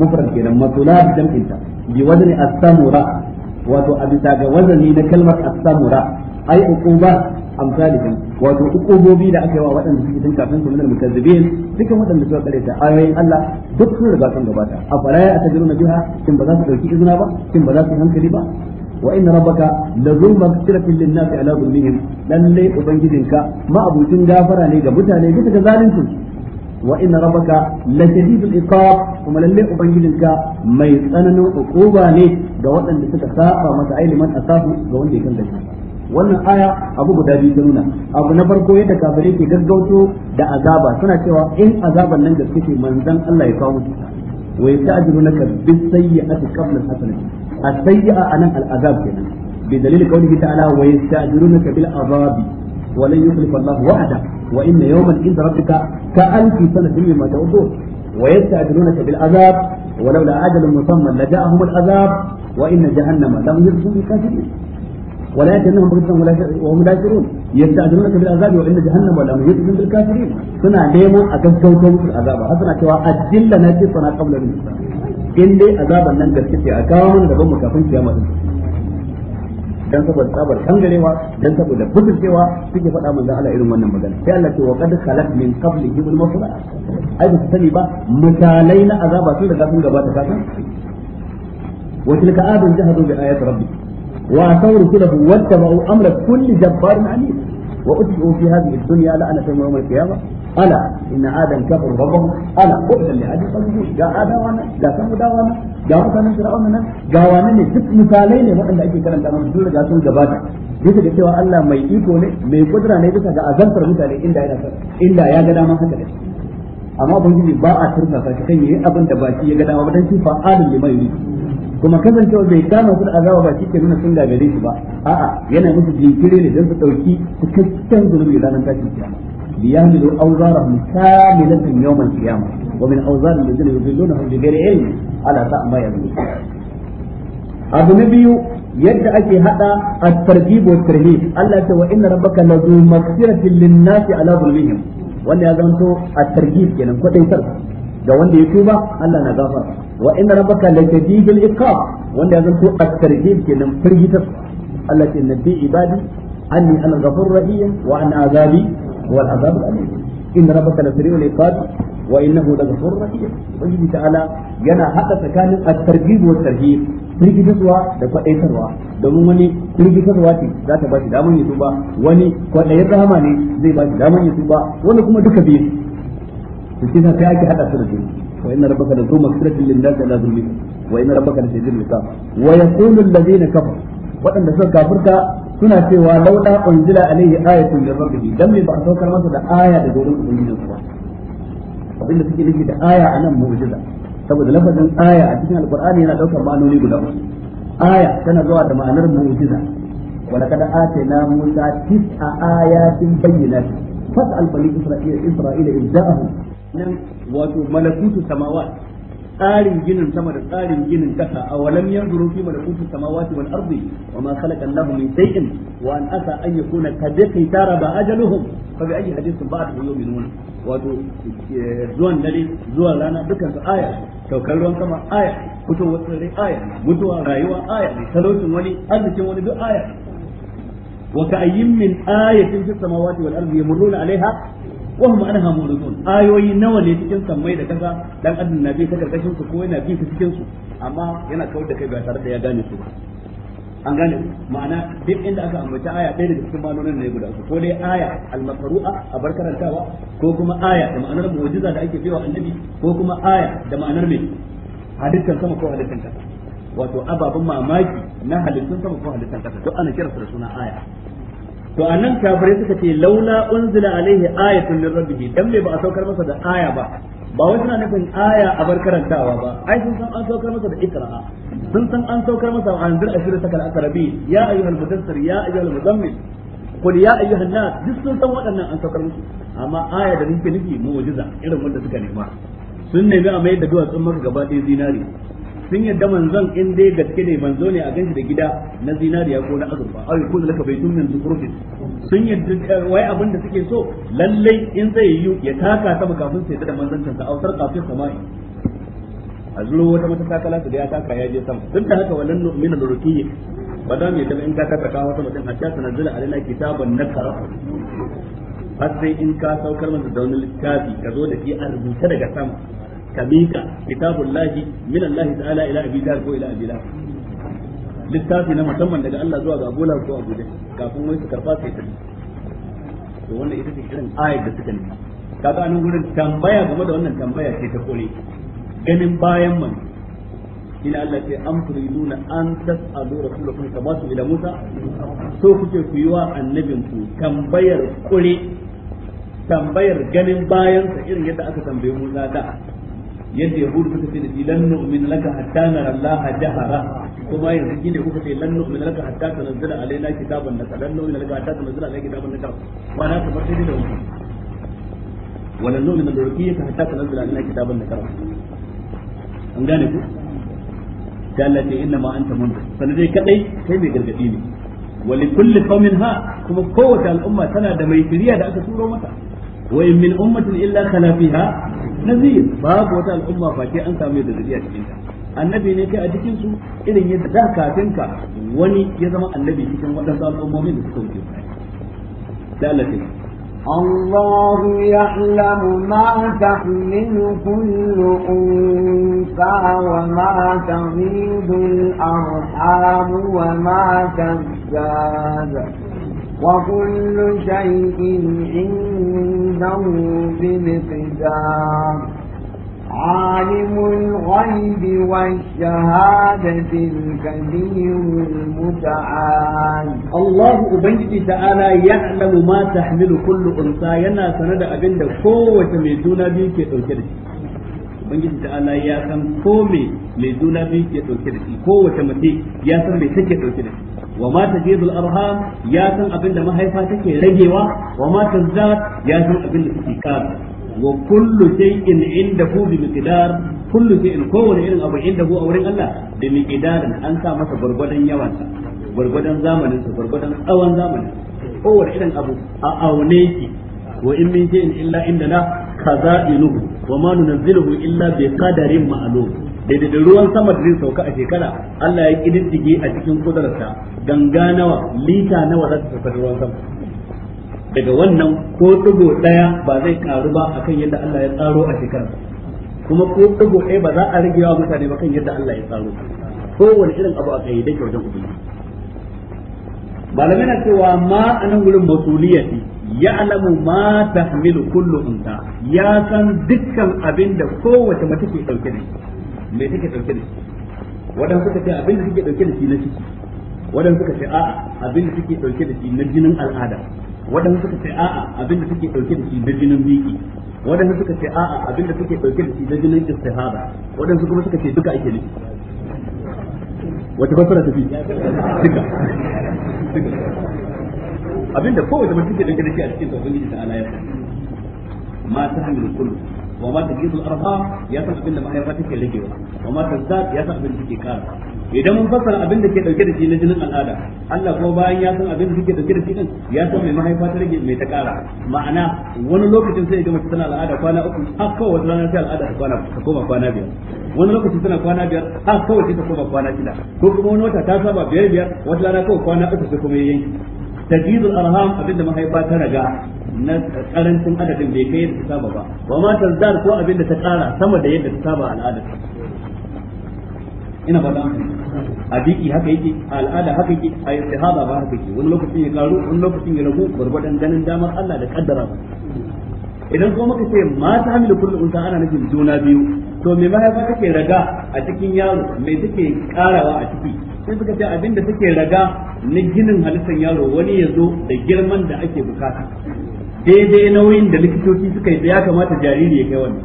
mufrad kenan masula jam'in ta bi wazni as-samura wato a bisa ga wazani na kalmar as-samura ai uquba amsalihim wato ukubobi da aka yi wa waɗanda suke tun kafin su minal mutazzibin duka waɗanda suka kare ta ayoyin Allah duk sun riga sun gabata a faraya a tajiruna biha kin ba za su dauki izina ba kin ba za su hankali ba wa inna rabbaka la zulma kiratin lin nasi ala zulmihim lalle ubangijinka ma abucin gafara ne ga mutane bisa ga zalincin wa inna rabbaka la shadidul iqab kuma lalle ubangijinka mai tsananin ukuba ne ga waɗanda suka saba masa ailiman asafu ga wanda ya kanta wannan aya abu guda biyu ta nuna abu na farko yadda kafirai ke gaggauto da azaba suna cewa in azaban nan gaske ce manzon Allah ya kawo musu wa yasta'jilunaka bis sayyi'ati qabla al-hasanati as-sayyi'a anan al-azab kenan bi dalil qawlihi ta'ala wa yasta'jilunaka bil azabi wa lan yukhlifa Allah wa'ada wa inna yawman inda rabbika ka alfi sanatin mimma ta'udun wa yasta'jilunaka bil azab wa laula ajalun musamman laja'ahum al azab wa inna jahannama lam yusu bi kafirin ولا يتنهم بغتهم وهم لا يشعرون يستأذنونك بالعذاب وإن جهنم ولا مهيد من الكافرين سنة ديما أكم كوكو العذاب حسنا كوا أجل لنا قبل الإسلام إن دي عذابا ننجل كتي أكاومن لهم كافين كيامة dan saboda tsabar kangarewa dan saboda butulcewa suke faɗa manzon Allah irin wannan magana sai Allah ce wa qad khalat min qablihi bil masala ai ba sani ba misalai na azaba sun daga sun gabata ka san wa tilka adun jahadu bi ayati rabbi wa sawru kulahu wattaba'u amra kulli jabbarin alim وأتبعوا في هذه الدنيا لعنة يوم القيامة ألا إن عادا كفروا ربهم ألا بعدا لعاد القوم جاء آدا وانا جاء ثمود وانا جاء مثلا فرعون nan ga wani ne duk misalai ne waɗanda ake karanta mun dole ga sun gabata bisa da cewa Allah mai iko ne mai kudura ne bisa ga azantar mutane inda yana inda ya ga dama haka ne amma ubangiji ba a turka ka kan yi abin da baki ya ga dama ba dan shi kuma kasancewa bai kama su da azaba ba shike nuna sun gagare su ba a'a yana musu jinkiri ne don su dauki cikakken zunubi ranar tashin kiyama liyahmilu awzarahum kamilatan yawmal qiyamah wa min awzar alladhina yudillunahum bighairi ilm ala sa'a ma yadun abu na biyu yadda ake hada a targhib wa Allah ta wa inna rabbaka lazu maghfiratin lin-nasi ala zulmihim wanda ya zanto a targhib kenan kwadaitar ga wanda ya tuba Allah na gafarta wa inna rabbaka la shadidul iqab wanda ya zanto at-tarhib kenan firgitar Allah ce nabi ibadi anni ana ghafurur rahim wa ana azabi wal azab alim inna rabbaka la sari'ul iqab wa innahu la rahim ta'ala yana hada tsakanin at-tarhib wa tarhib firgitarwa da kwadaitarwa domin wani firgitarwa ce za ta ba shi tuba wani ne zai ba shi daman tuba wani kuma duka biyu to shi sai ake hada su da shi wa inna rabbaka la zuma siratin lin nas ala dhulmi wa inna rabbaka la shadidul iqab wa yaqulu alladhina kafaru wadanda suka kafirta suna cewa lauda unzila alaihi ayatun min rabbih dan me ba a saukar masa da aya da gurin ubangiji ba abinda suke nufi da aya anan mu'jiza saboda lafazin aya a cikin alqur'ani yana daukar ma'anoni guda uku aya tana zuwa da ma'anar mu'jiza ولقد آتينا موسى تسع آيات بينات فاسأل بني إسرائيل إسرائيل إذ جاءهم nan wato malakutu samawat tsarin ginin sama da tsarin ginin kasa a walam yanzuru fi malakutu samawati wal ardi wa ma khalaqa Allahu min shay'in wa an asa an yakuna kadhi tara ba ajaluhum fa bi ayi hadithin ba'd yu'minun wato zuwan dare zuwan rana dukan su aya saukar ruwan sama aya fitowar tsirrai aya mutuwa rayuwa aya ne talaucin wani arzikin wani duk aya وكأي من آية في السماوات والأرض يمرون عليها wa hum anha muridun ayoyi nawa ne cikin sammai da kasa dan adam na bi ta karkashin su ko yana bi ta cikin su amma yana kawar da kai ba tare da ya gane su ba an gane ma'ana duk inda aka ambata aya ɗaya daga cikin manonin ne guda su ko dai aya al-masru'a a bar karantawa ko kuma aya da ma'anar mu'jiza da ake baiwa annabi ko kuma aya da ma'anar mai halittar sama ko halittar kasa wato ababen mamaki na halittun sama ko halittar kasa to ana kira su da suna aya to anan kafirai suka ce laula unzila alaihi ayatun min rabbih dan me ba a saukar masa da aya ba ba wai suna nufin aya a bar karantawa ba ai sun san an saukar masa da ikra'a sun san an saukar masa wa anzir ashir sakal aqrabi ya ayyuhal mudassir ya ayyuhal muzammil qul ya ayyuhan nas duk sun san waɗannan an saukar musu amma aya da nake nufi mu'jiza irin wanda suka nema sun nemi a mai da duwatsun maka gaba ɗaya zinari sun yadda manzon in dai gaske ne manzo ne a ganshi da gida na zinariya ko na azurfa aw ko laka baytun min zukhrufin sun yadda eh, wai abin da suke so lallai in zai yi ya taka sama kafin sai da manzancin sa ausar kafin sama'i a zuro wata mata takala su da ya taka ya je sama duk da haka wannan nu'mina da rukiyi ba za mu yadda in ka taka kawo sama din a sanzila alaina na nakara har sai in ka saukar masa da wani littafi ka zo da shi a rubuta daga sama kamika kitabullahi min Allah ta'ala ila abi dar ko ila abi dar littafi na musamman daga Allah zuwa ga Abula ko Abu Dar kafin wai su karba sai ta to wannan ita ce irin ayat da suka nuna kaga anan gurin tambaya game da wannan tambaya ce ta kore ganin bayan man ina Allah ce an turiduna an tas'alu rasulakum sabatu ila Musa so kuke ku yi wa annabin ku tambayar kore tambayar ganin bayan sa irin yadda aka tambaye Musa da yadda ya suka ce da shi lan nu'min laka hatta nara Allah jahara kuma yanzu shi ne kuka ce lan nu'min laka hatta tanzila alaina kitaban naka lan nu'min laka hatta tanzila alaina kitaban naka wa na kamar sai da wannan wala nu'min laka hatta tanzila alaina kitaban naka an gane ku dalla ce inna ma anta munzir sanadai kadai kai mai gargadi ne wali li kulli qaumin ha kuma kowace al'umma tana da mai firiya da aka turo mata وإن من أمة إلا خلا فيها نذير باب وتا الأمة فاكي أنت أمي دذرية جنتا النبي نكا أدكنسو إذن يدعكا تنكا وني يزم النبي في كما تنسى الأمة من السوكي دالتي الله يعلم ما تحمل كل أنثى وما تغيب الأرحام وما تزداد وكل شيء عنده بمقدار عالم الغيب والشهادة الكبير المتعال الله أبنجي تعالى يعلم ما تحمل كل أنثى ينا سند أبن قوة ميدونا دون بيك أوكيد ubangiji ta ala ya san ko me mai juna biyu ke dauke da shi ko wace mace ya san me take dauke da shi wa ma tajidul arham ya san abin da mahaifa take ragewa wa ma tazat ya san abin da take kara wa kullu shay'in indahu bi miqdar kullu shay'in kowane irin abu indahu a wurin Allah da miqdarin an sa masa gurgurdan yawan sa gurgurdan zamanin sa gurgurdan tsawon zamanin kowane irin abu a aune ki wa in min shay'in illa indana khaza'inuhu wa ma nunzilu illa bi qadarin ma'lum daidai da ruwan sama da zai sauka a shekara Allah ya kididdige a cikin kudararsa ganga nawa lita nawa za ta sauka ruwan sama daga wannan ko digo daya ba zai karu ba akan yadda Allah ya tsaro a shekara kuma ko digo daya ba za a rage wa mutane ba kan yadda Allah ya tsaro Ko wani irin abu a kai da kyautar ubangiji malamai na cewa ma anan gurin masuliyati ya'lamu ma tahmilu kullu unta ya san dukkan abin da kowace mace ke dauke da shi me take dauke da shi wadan suka ce abin da take dauke da shi na ciki wadan suka ce a'a abin da take dauke da shi na jinin al'ada wadan suka ce a'a abin da take dauke da shi na jinin biki wadan suka ce a'a abin da take dauke da shi na jinin istihada wadan kuma suka ce duka ake nufi wata fassara tafi duka abinda kowace mace ke dauke da shi a cikin sabon gidi ta ala ya ma ta hamil kullu wa ma tajidu arha ya san abinda mahaifa take ragewa wa ma ta tazdad ya san abinda take kara idan mun fassara abin da ke dauke da shi na jinin al'ada Allah kuma bayan ya san abin da ke dauke da shi din ya san mai mahaifa ta rage mai ta kara ma'ana wani lokacin sai ga mace tana al'ada kwana uku har kawai wata rana sai al'ada ta kwana ta koma kwana biyar wani lokacin tana kwana biyar har kawai ta koma kwana shida ko kuma wani wata ta saba biyar biyar wata rana kawai kwana uku sai kuma yayin tajidul arham abinda mahaifa ta raga na karancin adadin bai kai yadda ta saba ba wa ma tazdar ko abinda ta kara sama da yadda ta saba al'ada ina ba a biki haka yake a al'ada haka yake a istihaba ba haka yake wani lokacin ya karu wani lokacin ya ragu gurbadan ganin damar Allah da kaddara idan kuma muka ce ma ta hamilu kullu unsa ana nufin juna biyu to me mahaifa take raga a cikin yaro me take karawa a ciki sai suka ce abinda take raga na ginin halittar yaro wani ya zo da girman da ake bukata daidai nauyin da likitoci suka yi da ya kamata jariri ya kai wani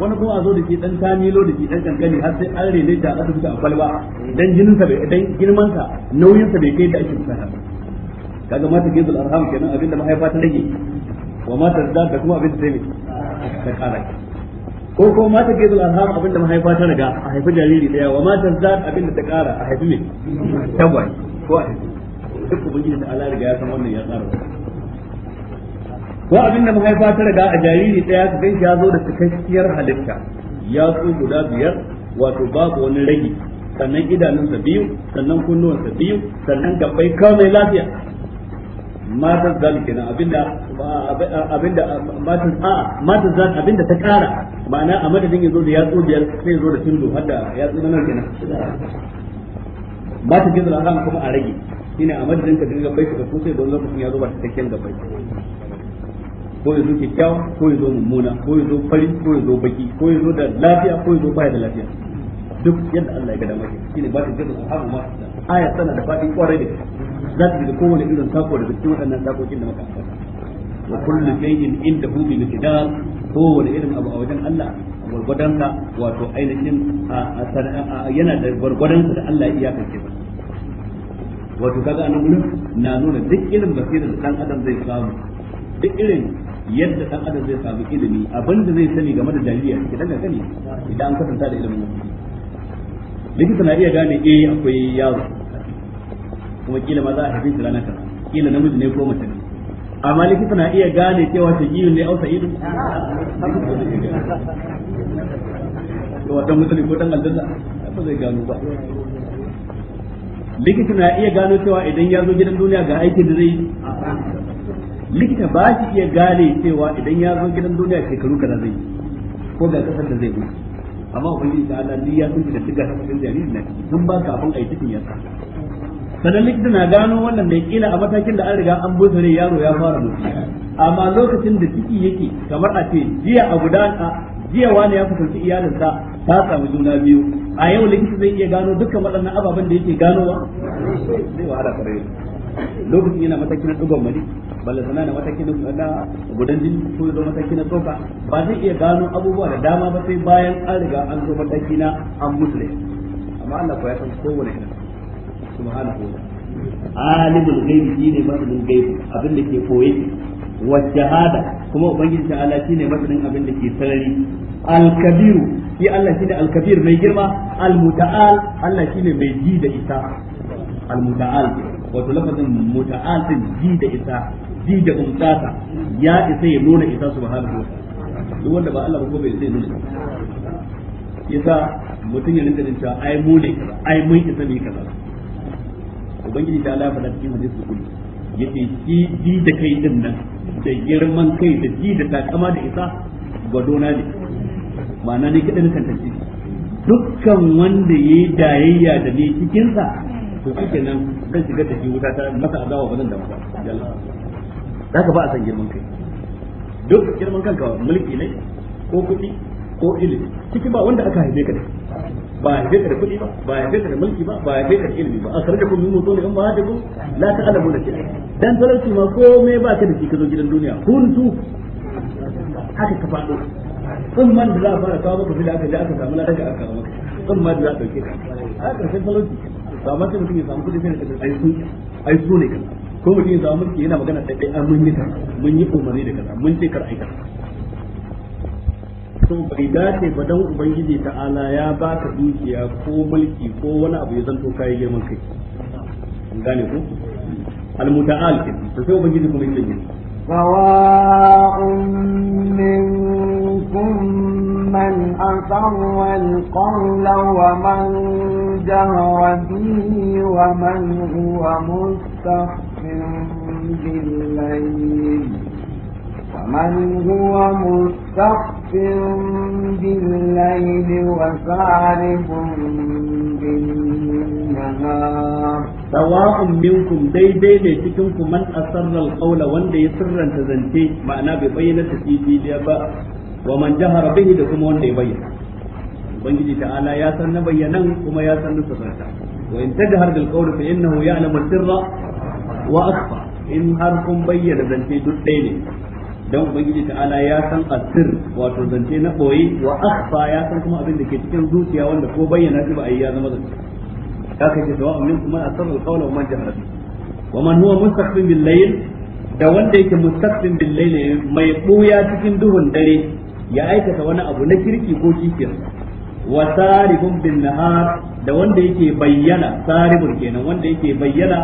wani kuma a zo da shi dan tamilo da shi dan kankani har sai an rene ta asibiti a kwalba dan jinin sa bai dan girman sa nauyin sa bai kai da ake bukata kaga mata gizul arham kenan abinda mahaifa ta rage wa mata da kuma abinda sai ta kara ko ko ma ta gezul abin da mahaifa ta riga a haifi jariri daya wa ma ta abin da ta kara a haifi ne tabbai ko a haifi duk ubangiji da Allah riga ya san wannan ya tsara ko da mahaifa ta riga a jariri daya ka ganshi ya zo da cikakkiyar halitta ya su guda biyar wato babu wani rage sannan idanunsa biyu sannan kunnuwansa biyu sannan gabbai kawai lafiya matan zal kenan abinda abinda matan a matan zal abinda ta kara ma'ana a madadin yazo da yatsu biyar sai yazo da tundu hadda yatsu nan kenan matan jizal haram kuma a rage shine a madadin ka dinga bai ka sai don lokacin ya zo ba ta takken gabai ko yazo kyakkyawa ko yazo mummuna ko yazo fari ko yazo baki ko yazo da lafiya ko yazo baya da lafiya duk yadda Allah ya ga dama shine ba ta jizal haram ma aya tana da faɗi kwarai da za ta da kowane irin sako da cikin waɗannan sakokin da muka ambata wa kullu shay'in indahu bi miqdar kowane irin abu a wajen Allah gwargwadonka wato ainihin yana da gwargwadonka da Allah ya kace ba wato kaga anan gurin na nuna duk irin basirar da dan adam zai samu duk irin yadda dan adam zai samu ilimi abinda zai sani game da jahiliya ke dan sani idan an kasanta da ilimin likita na iya gane eh akwai yaro kuma kila ma za a haife shi ranar kaza kila namiji ne ko mace ne amma likita na iya gane cewa ta giyun ne ausa idu wa wata mutane ko dan aljanna ba zai gano ba likita na iya gano cewa idan ya zo gidan duniya ga aikin da zai likita ba shi iya gane cewa idan ya zo gidan duniya shekaru kaza zai ko ga kasar da zai amma ubangiji ta Allah ni ya tunki da tigar cikin jariri na cikin tun ba kafin a yi cikin ya sa sannan likita na gano wannan da kila a matakin da an riga an buzure yaro ya fara mutu amma lokacin da ciki yake kamar a ce jiya a guda jiya wani ya kusanci iyalinsa ta samu juna biyu a yau likita zai iya gano dukkan waɗannan ababen da yake ganowa zai wahala kare lokacin yana matakin dugon mali balle sana na mataki na gudan jini ko zo matakin na tsoka ba zai iya gano abubuwa da dama ba sai bayan an riga an zo mataki na an musulai amma Allah ko ya san kowane irin subhanahu wa alimul ghaibi shine masanin ghaibi abin da ke koye wa shahada kuma ubangiji ta Allah shine masanin abin da ke sarari al-kabiru shi Allah shine al-kabir mai girma al-muta'al Allah shine mai ji da ita al-muta'al wato lafazin muta'al din ji da ita ji da umtata ya isa ya nuna isa subhanahu wa duk wanda ba Allah ba ko bai zai nuna yasa mutum ya rinka jin cewa ai mu ne ai mun isa ne kaza ubangiji ta alafa fada cikin hadisi kulli yace ki ji da kai din nan da girman kai da ji da takama da isa gwado na ne ma'ana ne kidan kan tace dukkan wanda yayi dayayya da ni cikin sa to kike nan zan shiga da ji wuta ta masa azawa ba nan da ba ka ba a san girman kai duk girman kanka mulki ne ko kuɗi ko ilimi kike ba wanda aka haife ka da ba ya fekar kuɗi ba ba ya fekar mulki ba ba ya fekar ilimi ba akar da kun yi mutu ne in ba haka kun la ta alamu da shi'a dan talauci ma komai ba ka da shi ka zo gidan duniya kuntu haka ka faɗo in man da za a fara kawo maka da aka je aka samu na daga aka maka in man da za a ɗauke ka a ƙarshen talauci ba ma sai mutum ya samu kuɗi sai ka ai su ai su ne kaza ko mutum ya samu mulki yana magana sai dai an mun yi kaza mun yi umarni da kaza mun ce kar aika to bai dace ba dan ubangiji ta'ala ya baka dukiya ko mulki ko wani abu ya zanto kai girman kai gane ku al-muta'al to sai ubangiji kuma yake yin sawa'un minkum man asarra al-qawla wa man jahara bihi wa man huwa bil-layl من هو مستخف بالليل وسارب بالنهار سواء منكم دي دي دي تكنكم من أسر القول وان دي سرا تزنتي معنا ببينة سيدي لأبا ومن جهر به لكم وان دي ubangiji ta'ala ya san na bayyanan kuma ya san na sirrata wa in tajhar bil qawli fa innahu ya'lamu sirra wa akhfa in har kun bayyana zance duk ɗaya ne dan ubangiji ta'ala ya san asir wato zance na boye wa akhfa ya san kuma abin da ke cikin zuciya wanda ko bayyana shi ba ayi ya zama zance kaka ce sawa'un minkum man asarra al-qawla wa man jahara wa man huwa mustaqbil bil layl da wanda yake mustaqbil bil layl mai buya cikin duhun dare ya aikata wani abu na kirki ko kifiyar wa saribun bin nahar da wanda yake bayyana saribun kenan wanda yake bayyana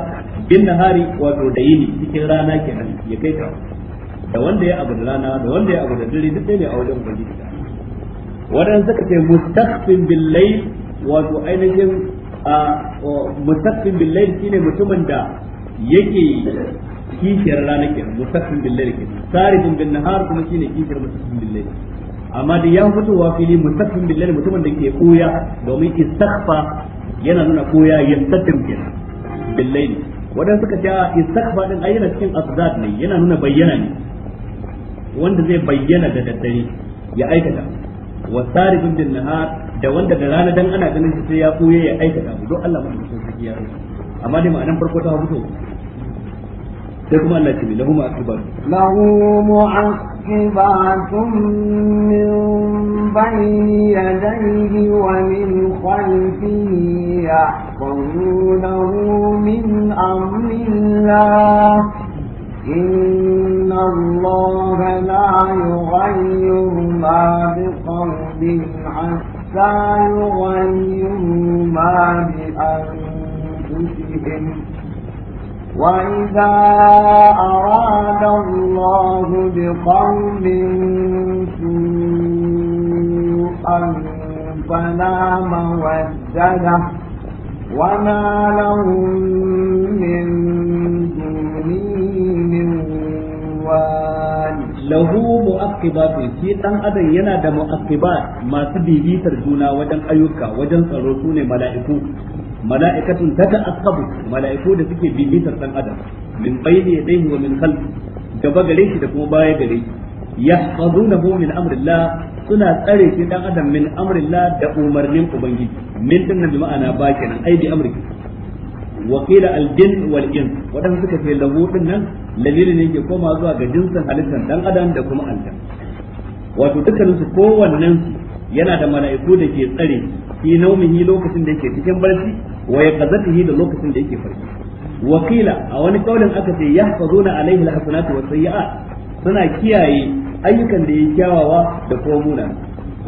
bin nahari wato da yini cikin rana kenan ya kai ta da wanda ya abu da rana da wanda ya abu da dare duk ne a wajen ubangiji wadan suka ce mustaqfin bil layl wato ainihin mustaqfin bil layl shine mutumin da yake kishiyar rana ke mustaqfin bil layl ke sarifin bin nahar kuma shine kishiyar mustaqfin bil layl amma da ya wa fili mustaqfin bil layl mutumin da ke koya domin istaghfa yana nuna koya yastatim ke bil layl wadan suka ce istaghfa din ayyana cikin asdad ne yana nuna bayyana ne wanda zai bayyana da daddare ya aikata wa sarifin bin nahar da wanda da rana dan ana ganin shi sai ya koye ya aikata don Allah mun da shi ya yi amma dai ma'anar farko ta mutu sai kuma Allah ce lahu mu'aqibat lahu mu'aqibatun min bayni yadayhi wa min khalfihi yahfazunahu min amrillah إن الله لا يغير ما بقوم حتى يغيروا ما بأنفسهم وإذا أراد الله بقوم سوءا فلا مرد له وما لهم من مخالفان له مؤقبات في دان ادم yana da mu'aqqibat masu bibitar juna wajen ayyuka wajen tsaro sune mala'iku mala'ikatun tata'aqqabu mala'iku da suke bibitar dan adam min bayni yadayhi wa min khalfi gaba gare shi da kuma baya gare shi yahfazunahu min amrillah suna tsare shi dan adam min amrillah da umarnin ubangiji min dinnan bi ma'ana ba kenan ai bi amrika wa qila al jin wal ins wadanda suka nan lamiri ne ke koma zuwa ga jinsin halittar ɗan adam da kuma aljan wato dukkanin su kowannen yana da mala'iku da ke tsare fi naumihi lokacin da yake cikin barci waya yaqazatihi da lokacin da yake farki wa a wani kaulin aka ce yahfazuna alaihi al hasanatu was sayyi'at suna kiyaye ayyukan da yake kyawawa da kuma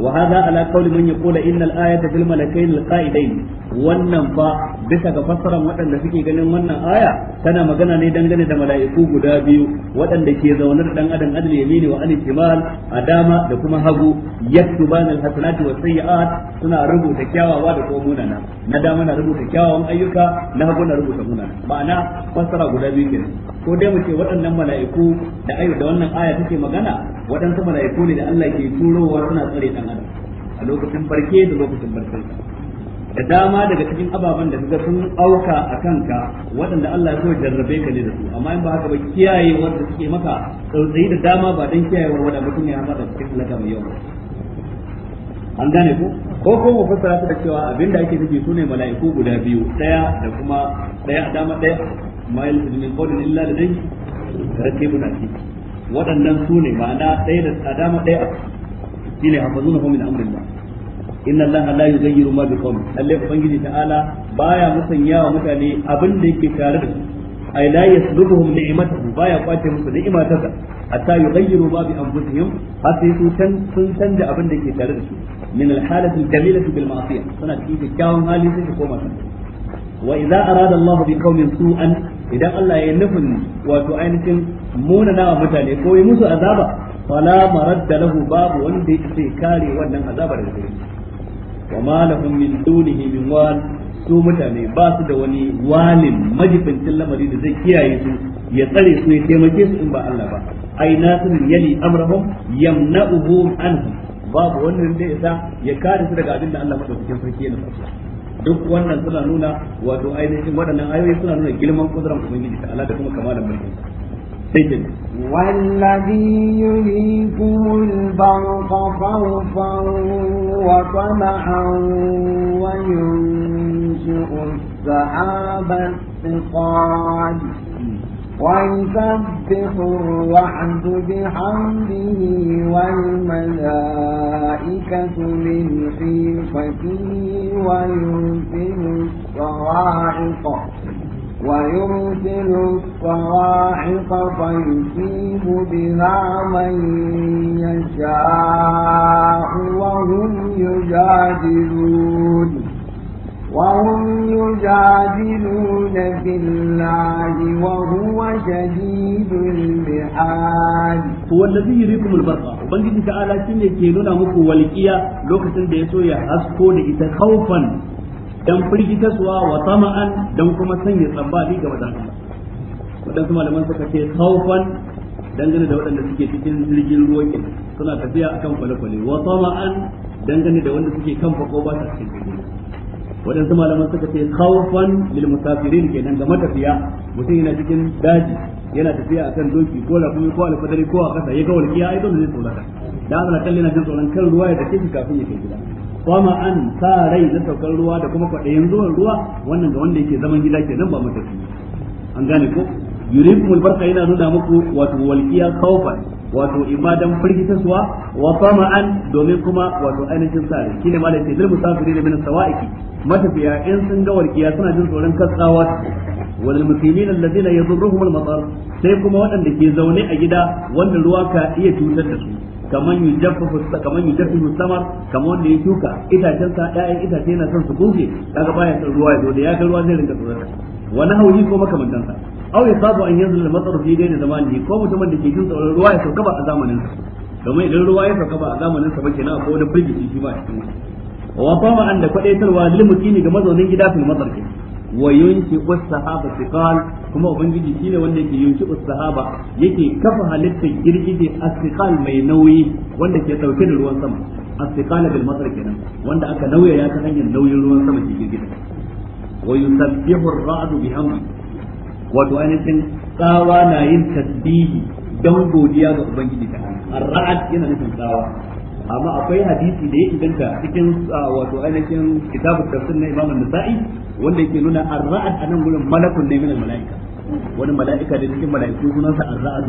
وهذا على قول من يقول إن الآية في الملكين القائدين wannan fa bisa ga fassara waɗanda suke ganin wannan aya tana magana ne dangane da mala'iku guda biyu waɗanda ke zaune da dan adam adal yamini wa Ali kimal a dama da kuma hagu yaktubana alhasanati was sayyi'at suna rubuta kyawawa da kuma munana na dama na rubuta kyawawan ayyuka na hagu na rubuta munana ma'ana fassara guda biyu kenan ko dai mu ce waɗannan mala'iku da ayu da wannan aya take magana waɗansu mala'iku ne da Allah ke turowa suna tsare dan adam a lokacin barke da lokacin barke da dama daga cikin ababen da kaga sun auka a kanka waɗanda Allah ya so jarrabe ka ne da su amma in ba haka ba kiyaye wanda suke maka tsautsayi da dama ba dan kiyayewar wanda mutum ya haɗa cikin halaka mai yau an gane ko ko ko mu fassara ta cewa abinda ake nufi sune mala'iku guda biyu daya da kuma daya dama daya ma yalfidu min qawlin illa ladayhi rakibun atid waɗannan su ne ma'ana ɗaya da dama ɗaya a shi ne na hum min amrillah inna allaha la yughayyiru ma biqawmin Allah ubangiji ta'ala baya musanya wa mutane abin da yake tare da su ay la yaslubuhum ni'matuhu baya kwace musu ni'ima ta sa hatta yughayyiru ma bi anfusihim har sai su can sun canja abin da yake tare da su min al-halati al-jamilati bil ma'siyah suna cikin kyakkyawan hali sai su koma kan wa idza arada Allah bi qaumin su'an idan Allah ya nufin wato ainihin munana wa mutane ko yi musu azaba fala da lahu babu wanda ya ce kare wannan azabar da gare wa ma lahum min dunihi min wal su mutane ba su da wani walin majibincin lamari da zai kiyaye su ya tsare su ya taimake su in ba Allah ba ai nasirin yali amrahum yamna'uhum Anhu. babu wannan da sa ya kare su daga abin da Allah madaukakin sarki ya nufa duk wannan suna nuna wato ainihin waɗannan ayoyi suna nuna girman kudurar ubangiji ta Allah da kuma kamalan mulkin sa والذي البرق خوفا وطمعا وينشئ السحاب الثقال ويسبح الوعد بحمده والملائكة من خيفته ويرسل الصواعق ويرسل الصواعق فيصيب بها من يشاء وهم يجادلون وهم يجادلون الله وهو شديد المحال هو الذي يريكم البرقة ubangiji ta ala ne ke nuna muku walƙiya lokacin da ya so ya hasko da ita kaufan dan firgitaswa wa tama'an dan kuma sanya tsambali ga malaman dangane da waɗanda suke cikin jirgin ruwan suna tafiya akan kwale-kwale wa ma'an' dangane da wanda suke kan fako ba ta cikin waɗansu malaman suka ce khawfan lil musafirin kenan ga matafiya mutum yana cikin daji yana tafiya akan doki ko rakumi ko alfadari ko a kasa ya ga walƙiya ai dole zai tsorata da Allah kalle na jin tsoron kan ruwa ya dace shi kafin ya kai gida kuma an sa rai na saukar ruwa da kuma kwaɗayin zuwan ruwa wannan ga wanda yake zaman gida kenan ba matafiya an gane ko yurifumul barka yana nuna muku wato walƙiya khawfan wato imadan firgitaswa wa tama'an domin kuma wato ainihin sare shine malai ce lil da min sawaiki matafiya in sun ga warkiya suna jin tsoron katsawa wal muslimin alladhina yadurruhum al matar sai kuma waɗanda ke zaune a gida wanda ruwa ka iya cutar da su kaman yujaffafu kaman yujaffafu samar kaman wanda ya shuka itacen sa ƴaƴan itace yana son su kunce kaga baya son ruwa ya zo da ya ga ruwa zai rinka tsoron wa nahwi ko makamantan sa aw yasabu an yanzu da matsar fi dai da zamani ko mutumin da ke jin tsoron ruwa ya sauka ba a zamanin sa domin idan ruwa ya sauka ba a zamanin sa ba kenan akwai wani firgici shi ba a cikin wa fama an da kwadaitarwa lil mutini ga mazaunin gida fil matsar kenan wa kuma ubangiji shine wanda ke yunki us-sahaba yake kafa halittar girgije as mai nauyi wanda ke dauke da ruwan sama as-thiqal bil kenan wanda aka nauya ya ta hanyar nauyin ruwan sama ke girgije wa yusabbihu ar-ra'd wato ainihin tsawa na yin tasbihi don godiya ga ubangiji ta ar yana nufin tsawa amma akwai hadisi da ya inganta cikin wato ainihin kitabu tafsir na Imam An-Nasa'i wanda yake nuna ar-ra'ad nan gurin malakun ne min malaika wani mala'ika da cikin mala'iku sunansa ar-ra'ad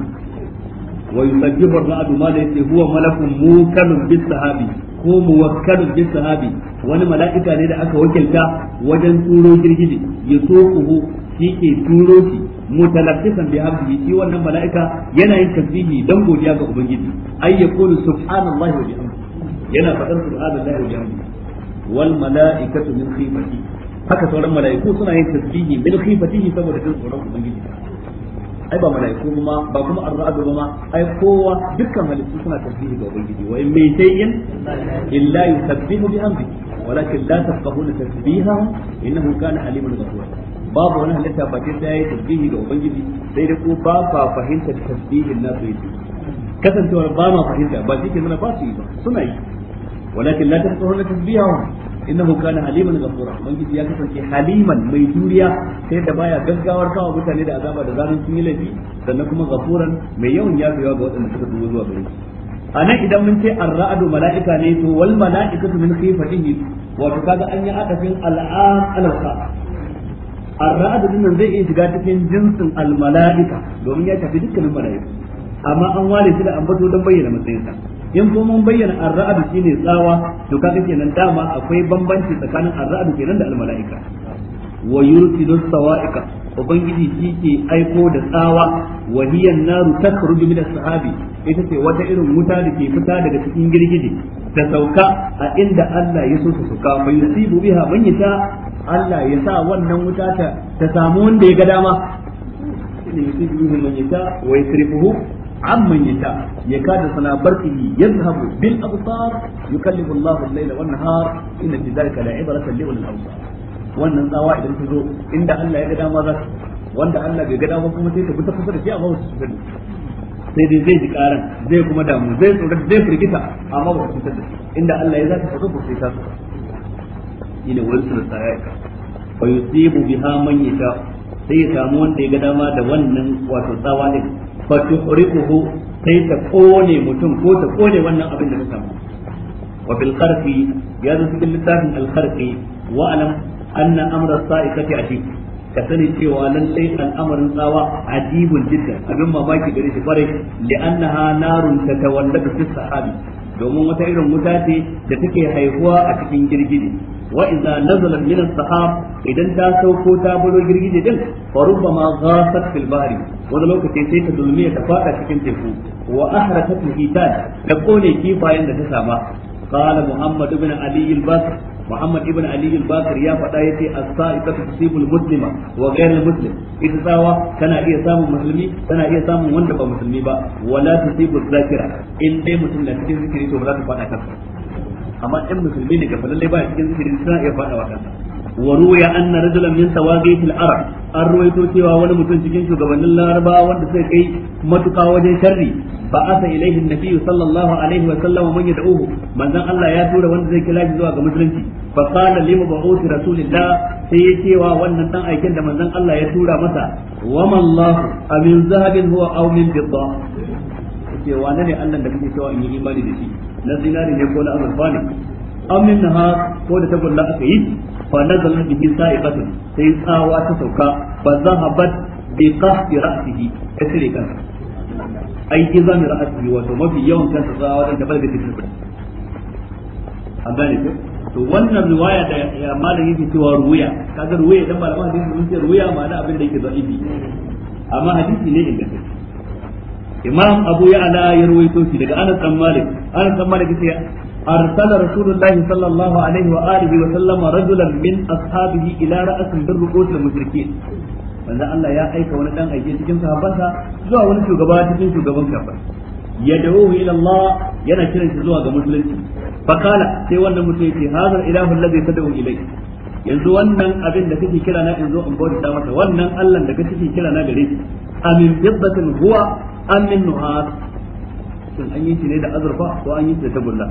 wa yusabbihu ar-ra'ad ma da yake huwa malakun mukalun bis-sahabi ko muwakkalun bis sahabi wani mala'ika ne da aka wakilta wajen turo girgije ya sokuhu shi ke turo shi mutalaffisan bi hamdihi shi wannan mala'ika yana yin tasbihi dan godiya ga ubangiji ay yaqulu subhanallahi wa bihamdihi yana faɗar subhanallahi wa bihamdihi wal mala'ikatu min khifati haka sauran mala'iku suna yin tasbihi min khifatihi saboda jin tsoron ubangiji ai ba mala'iku kuma ba kuma arra'adu ba ma ai kowa dukkan halittu suna tasbihi ga ubangiji wa in min shay'in illa yusabbihu bihamdihi walakin la tafqahuna tasbihahum innahu kana aliman ghafura babu wani halitta ba sai ya yi tasbihi ga ubangiji sai dai ko ba fa fahimta tasbihin nasu yake kasancewar ba ma fahimta ba shi ke nuna ba su yi ba suna yi walakin la tasbihu la tasbihu innahu kana haliman ghafura ubangiji ya kasance haliman mai juriya sai da baya gaggawar kawo mutane da azaba da zanen sun yi laifi sannan kuma ghafuran mai yawan yafewa ga waɗanda suka dubo zuwa gare shi a nan idan mun ce arra'adu mala'ika ne to wal mala'ikatu min khifatihi wato kaga an yi adafin al'am alqa ar da dinnan zai iya shiga cikin jinsin al domin ya tafi dukkanin mala'iku amma an wale shi da ambato don bayyana sa in kuma mun bayyana ar-ra'd shine tsawa to kaga kenan dama akwai bambanci tsakanin arra'a kenan da al wa yursilu sawa'iqa ubangiji shi ke aiko da tsawa wa hiya naru takhruju min as-sahabi ita ce wata irin wuta da ke fita daga cikin girgije ta sauka a inda Allah ya so ta sauka fa yusibu biha man yata Allah ya sa wannan wuta ta ta samu wanda ya ga dama ne yusibu biha man yata wa yasrifuhu عمن يشاء يكاد صنع برقه يذهب بالابصار يكلف الله الليل والنهار ان في ذلك لعبره لاولي الابصار wannan tsawa idan ta zo inda Allah ya ga dama za wanda Allah bai ga dama kuma sai ta bi kusa da shi amma wasu sani sai dai zai ji karan zai kuma damu zai tsoron zai firgita amma ba su tada inda Allah ya za ta fito ko sai ta fito ina wani sun tsaya ka fa yusibu biha man yasha sai ya samu wanda ya ga dama da wannan wato tsawa ne, din fa tuhriquhu sai ta kone mutum ko ta kone wannan abin da ta samu wa bil ya zo cikin littafin al qarfi wa alam anna amra sa'ikati ajib ka sani cewa nan sai al'amarin tsawa ajibul jidda abin mamaki gare shi kwarai li'annaha narun tatawalladu fi sahabi domin wata irin wuta ce da take haihuwa a cikin girgije wa idza nazalat min as-sahab idan ta sauko ta bulo girgije din fa rubbama ghasat fil bahri wani lokaci sai ta dulmiya ta fada cikin teku wa ahratat hitan da kone kifayen da ta sama qala muhammad ibn ali al-basri Muhammad ibn Ali al-Bakir ya faɗa yace as-sa'iqatu tusibul muslima wa ghayr muslim ita tsawa tana iya samun musulmi tana iya samun wanda ba musulmi ba wala tusibu zakira in dai mutum na cikin zikiri to za ta faɗa kansa amma in musulmi ne cikin zikiri tana iya faɗa wa wa ruya anna rajulan min sawaqit al-arab an ruwaito cewa wani mutum cikin shugabannin laraba wanda sai kai matuka wajen sharri ba'asa asa ilaihi nabi sallallahu alaihi wa sallam man yad'uhu manzon Allah ya tura wanda zai kira zuwa ga musulunci fa qala lima ba'uth rasulillah sai ya cewa wannan dan aikin da manzan Allah ya tura masa wa mallahu amin zahabin huwa aw min bidda cewa ne Allah da kake cewa in yi imani da shi na zinari ne ko na azurfa ne Amin na nahar ko da tagulla aka yi fa nazala bihi sa'iqatun sai tsawa ta sauka fa zahabat bi qahti ra'sihi ta cire kansa ai izami ra'sihi wato mafi yawan kansa tsawa da balga cikin sa an gane ko to wannan riwaya da malam yake cewa ruwaya kaga ruwaya dan malaman hadisi mun ce ruwaya ma'ana abin da yake da'ibi amma hadisi ne ingantacce imam abu ya'la ya ruwaito shi daga anas bin malik anas bin malik yace أرسل رسول الله صلى الله عليه وآله وسلم رجلا من أصحابه إلى رأس بالرؤوس المشركين manzo Allah ya aika wani dan aike cikin sahabbansa zuwa wani shugaba cikin shugaban kafa. ya dawo ila Allah yana kiran shi zuwa ga musulunci fa kala sai wannan mutum yake hazar ilahu allazi tad'u ilayhi yanzu wannan abin da kake kira na yanzu an in bauta masa wannan Allah da kake kira na gare shi amin jibbatin huwa amin nuhas shin an yi shi ne da azurfa ko an yi shi da tagulla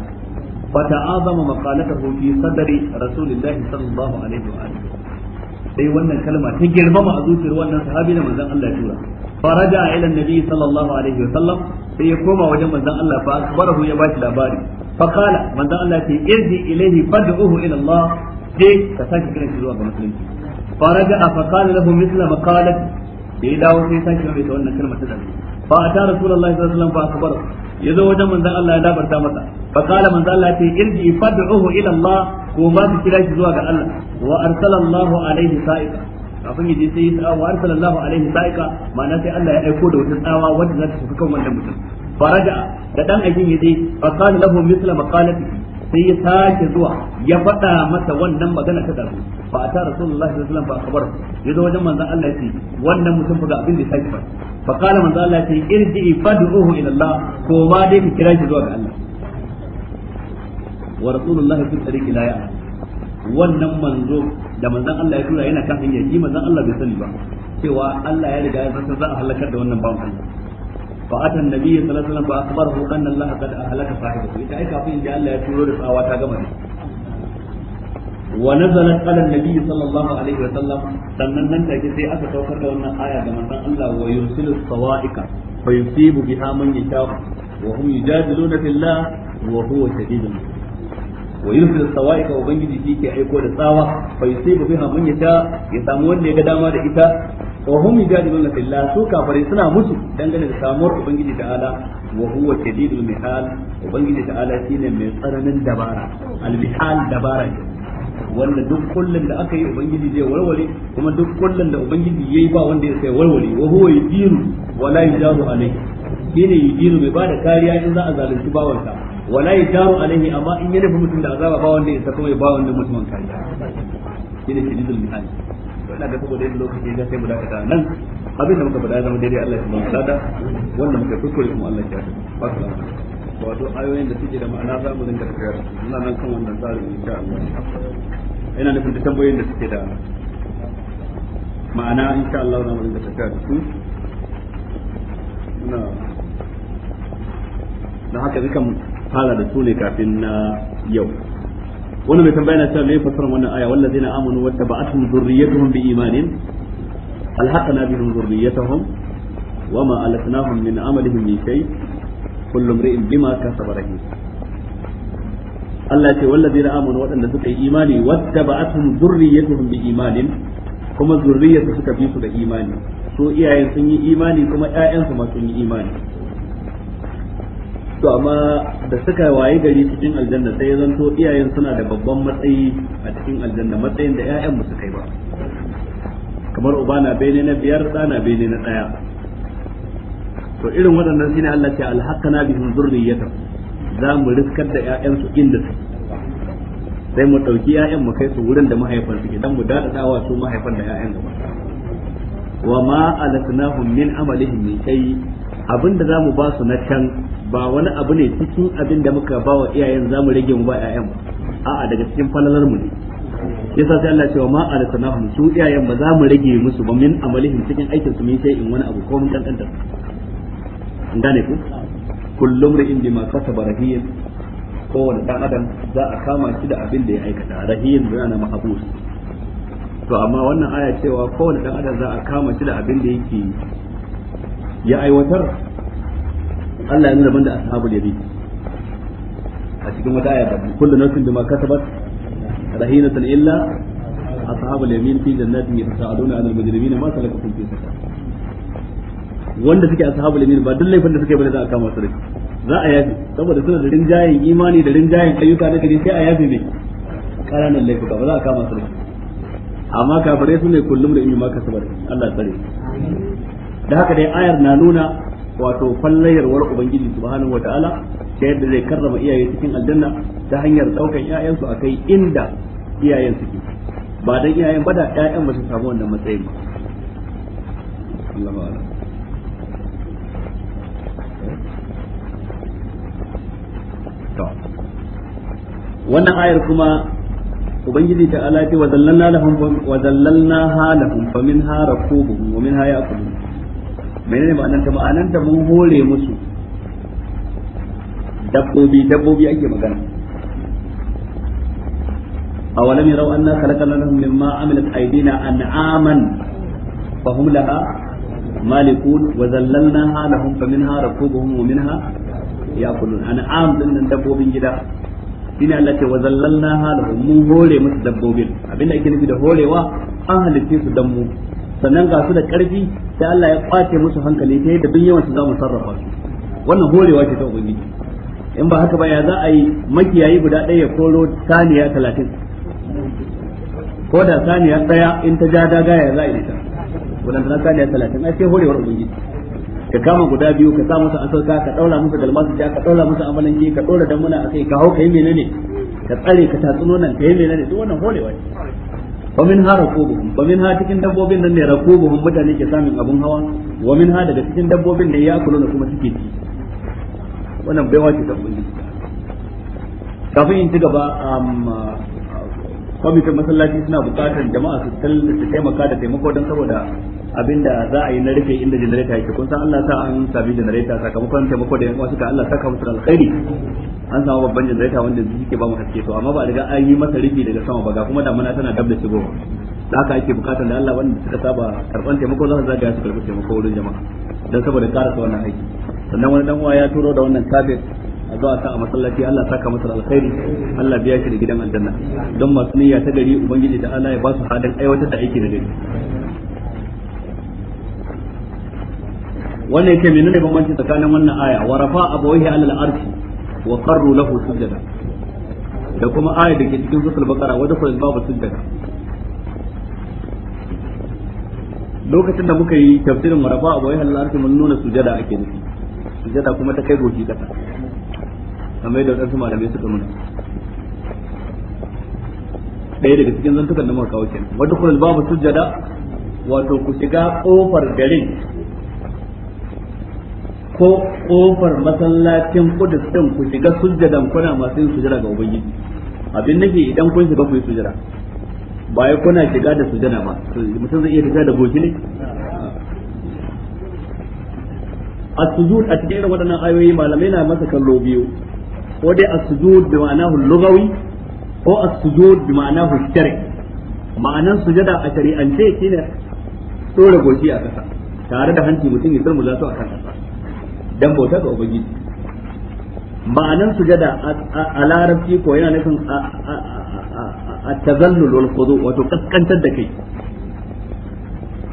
fata'azama maqalatahu fi sadri rasulillahi sallallahu alaihi wa alihi sai wannan kalma ta girmama a zuciyar wannan sahabi da manzon Allah tura faraja ila annabi sallallahu alaihi wa sallam sai ya koma wajen manzon Allah fa akbarahu ya bashi labari fa qala manzon Allah ce irji ilayhi fad'uhu ila Allah sai ka sake kiran shi zuwa ga musulunci faraja fa qala lahu mithla maqalat da ya dawo sai sake mai wannan kalma ta dabi fa ata rasulullahi sallallahu alaihi wasallam fa akbara yazo wajen manzon Allah ya dabarta masa fa kala manzon Allah ce irji fad'uhu ila Allah ko ma ki kira shi zuwa ga Allah wa arsalallahu alaihi sa'iqa kafin yaje sai ya wa arsalallahu alaihi sa'iqa ma'ana sai Allah ya aiko da wata tsawa wanda za ta shafi kan wannan mutum faraja da dan ajin yaje fa kana lahu misla maqalatihi sai ya sake zuwa ya faɗa masa wannan magana ta dazu fa ata rasulullahi sallallahu alaihi wasallam fa khabar ya zo wajen manzan Allah ya yace wannan mutum fa ga abin da ya sake faɗa fa qala manzon Allah yace irji fad'uhu ila Allah ko ma dai ka kira shi zuwa ga Allah wa rasulullahi fi tariqi la ya'lam wannan manzo da manzan Allah ya tura yana kan hanya shi manzon Allah bai sani ba cewa Allah ya riga ya san za a halakar da wannan bawan Allah فأتى النبي صلى الله عليه وسلم فأخبره أن الله قد أهلك صاحبه إذا أي كافين جاء الله يقول رفعه وتاقمه ونزلت على النبي صلى الله عليه وسلم sannan nan take sai aka saukar da wannan aya ga manzon Allah wa yusilu sawaika fa yusibu biha man yasha wa hum yujadiluna fillah wa wa yursil sawa'iqa ubangiji shi ke aiko da tsawa fa sai biha man ya samu wanda ya ga dama da ita wa hum yujadiluna fillah su kafare suna musu dangane da samuwar ubangiji ta'ala wa huwa shadidul mihal ubangiji ta'ala shine mai tsananin dabara al mihal dabara ne wanda duk kullun da aka yi ubangiji zai warware kuma duk kullun da ubangiji yayi ba wanda sai warware wa huwa yudiru wa la yudaru alayhi shine yudiru bai bada kariya in za a zalunci bawansa ta wala yudaru alayhi amma in ya nufi mutum da azaba ba wanda sai kuma ya ba wannan mutumin kariya shine shididul mihal ina ga saboda yadda lokaci ya sai mu dakata nan abin da muka faɗa zama daidai Allah ya samu sada wannan muka kuskure kuma Allah ya tafi wato ayoyin da suke da ma'ana za mu dinga tafiyar ina nan kan wannan tsarin insha Allah ina nufin da tambayoyin da suke da ma'ana insha Allah za mu dinga tafiyar da su na na haka dukan fara da su ne kafin na yau wannan mai tambaya na cewa me fasara wannan aya wallazina amanu wattaba'atuhum dhurriyyatuhum biimanin alhaqna bihim dhurriyyatahum wama alatnahum min amalihim min shay' kullu imri'in bima kasaba rahim Allah ce wallazina amanu waɗanda suka yi imani wattaba'atuhum zurriyyatuhum bi imanin kuma zurriyyatu suka bi su da imani so iyayen sun yi imani kuma ƴaƴansu ma sun yi imani to amma da suka waye gari cikin aljanna sai zanto iyayen suna da babban matsayi a cikin aljanna matsayin da ƴaƴan mu suka yi ba kamar uba na bene na biyar ɗa bene na ɗaya to irin waɗannan shine Allah ya na bihim zurriyatan za mu riskar da ƴaƴansu inda su sai mu ɗauki ƴaƴan mu kai su wurin da mahaifan su dan mu dawa su mahaifan da ƴaƴan gaba wa ma alatnahum min amalihim min shay abinda za mu ba su na can ba wani abu ne cikin abin da muka ba wa iyayen za mu rage mu ba ƴaƴan ba a'a daga cikin falalar mu ne yasa sai Allah cewa ma alatnahum su iyayen ba za mu rage musu ba min amalihim cikin aikin su min shay in wani abu ko mun kankanta an gane ku kullum da ri'in kasa ba rahiyin kowane dan adam za a kama shi da abin da ya aikata rahiyin da yana mahabus to amma wannan aya cewa kowane dan adam za a kama shi da abin da yake ya aiwatar Allah ya nuna banda ashabul yabi a cikin wata aya da kullu nafsin bima kasabat rahinatan illa ashabul yamin fi jannatin yata'aluna 'anil mujrimina ma salakakum fi sakar wanda suke ashabul yamin ba duk laifin da suke bane za a kama su da za a yafi saboda suna da rinjayen imani da rinjayen ayyuka na gari sai a yafi ne nan laifuka ba za a kama su da amma kafirai su ne kullum da imma ka sabar Allah tsare da haka dai ayar na nuna wato fallayarwar ubangiji subhanahu wataala ta yadda zai karrama iyaye cikin aljanna ta hanyar daukan iyayensu akai inda iyayen suke ba dan iyayen ba da iyayen ba su samu wannan matsayin ba Allah wannan ayar kuma ubangiji ta ala ce wa zallalna lahum wa zallalna halahum fa minha rakubuhum wa minha ya'kulun menene ma'anar ta ma'anar ta mun hore musu dabbobi dabbobi ake magana awalam yarau anna khalaqna lahum mimma amilat aydina an'aman fa hum laha malikun wa zallalnaha lahum fa minha rakubuhum wa minha yakulun ana am din nan dabbobin gida shine Allah ce wa zallalnaha lahum mun hore musu dabbobin abinda ake nufi da horewa an halitte su dan mu sannan ga su da karfi sai Allah ya kwace musu hankali ta yadda duk su za mu sarrafa su wannan horewa ce ta ubangiji in ba haka ba ya za a yi makiyayi guda ɗaya ya koro saniya talatin ko da saniya ɗaya in ta ja daga ya za a yi ta wadanda na saniya talatin ai sai horewar ubangiji ka kama guda biyu ka sa musu asarka ka daura musu galmasu ja ka daura musu amalanke ka dora damuna akai ka hau kai menene ka tsare ka tatsuno nan kai menene duk wannan holewa ne wa min ha rakubuhum wa min ha cikin dabbobin nan ne rakubuhum mutane ke samun abun hawa wa min ha daga cikin dabbobin ne ya kula da kuma suke ci wannan baiwa ce ta kulli kafin in ci gaba kwamitin masallaci suna bukatar jama'a su taimaka da taimako don saboda abinda za a yi na rufe inda janareta yake kun san Allah sa an sami janareta sakamakon taimako da yan uwa suka Allah saka musu alkhairi an samu babban janareta wanda yake ba mu haske to amma ba riga an yi masa rufe daga sama ba ga kuma damuna tana dab da shigo da haka ake bukatar da Allah wanda suka saba karban taimako za su zagaya su karbi taimako wurin jama'a dan saboda karasa wannan aiki sannan wani dan uwa ya turo da wannan kafet a zuwa ta sa a masallaci Allah saka masa alkhairi Allah biya shi da gidan aljanna don masu niyya ta gari ubangiji da Allah ya ba su hadin aiwatar da aiki da gari wannan yake menene bambanci tsakanin wannan aya wa rafa abawaihi alal arshi wa qarru lahu sujada da kuma aya da ke cikin suratul baqara wa dakhul babu sujada lokacin da muka yi tafsirin wa rafa abawaihi alal arshi mun nuna sujada ake nufi sujada kuma ta kai goshi kasa kamar yadda da malamai suka nuna ɗaya daga cikin zantukan da muka kawo kenan wa dakhul babu sujada wato ku shiga kofar garin ko kofar masallacin kudus din ku shiga sujjadan kuna masu yin sujjada ga ubangiji abin nufi idan kun shiga ku yi sujjada ba ya kuna shiga da sujjada ba mutum zai iya shiga da goki ne A sujud a cikin irin waɗannan ayoyi malamai na masa kallo biyu ko dai a sujud bi ma'anahu lugawi ko a sujud bi ma'anahu shar'i ma'anan sujjada a shari'ance shine dora goshi a kasa tare da hanci mutum ya turmula su a kan kasa dan bauta ga ubangiji ma'anan sujada a larabci ko yana nufin a tazallul wal khudu wato kaskantar da kai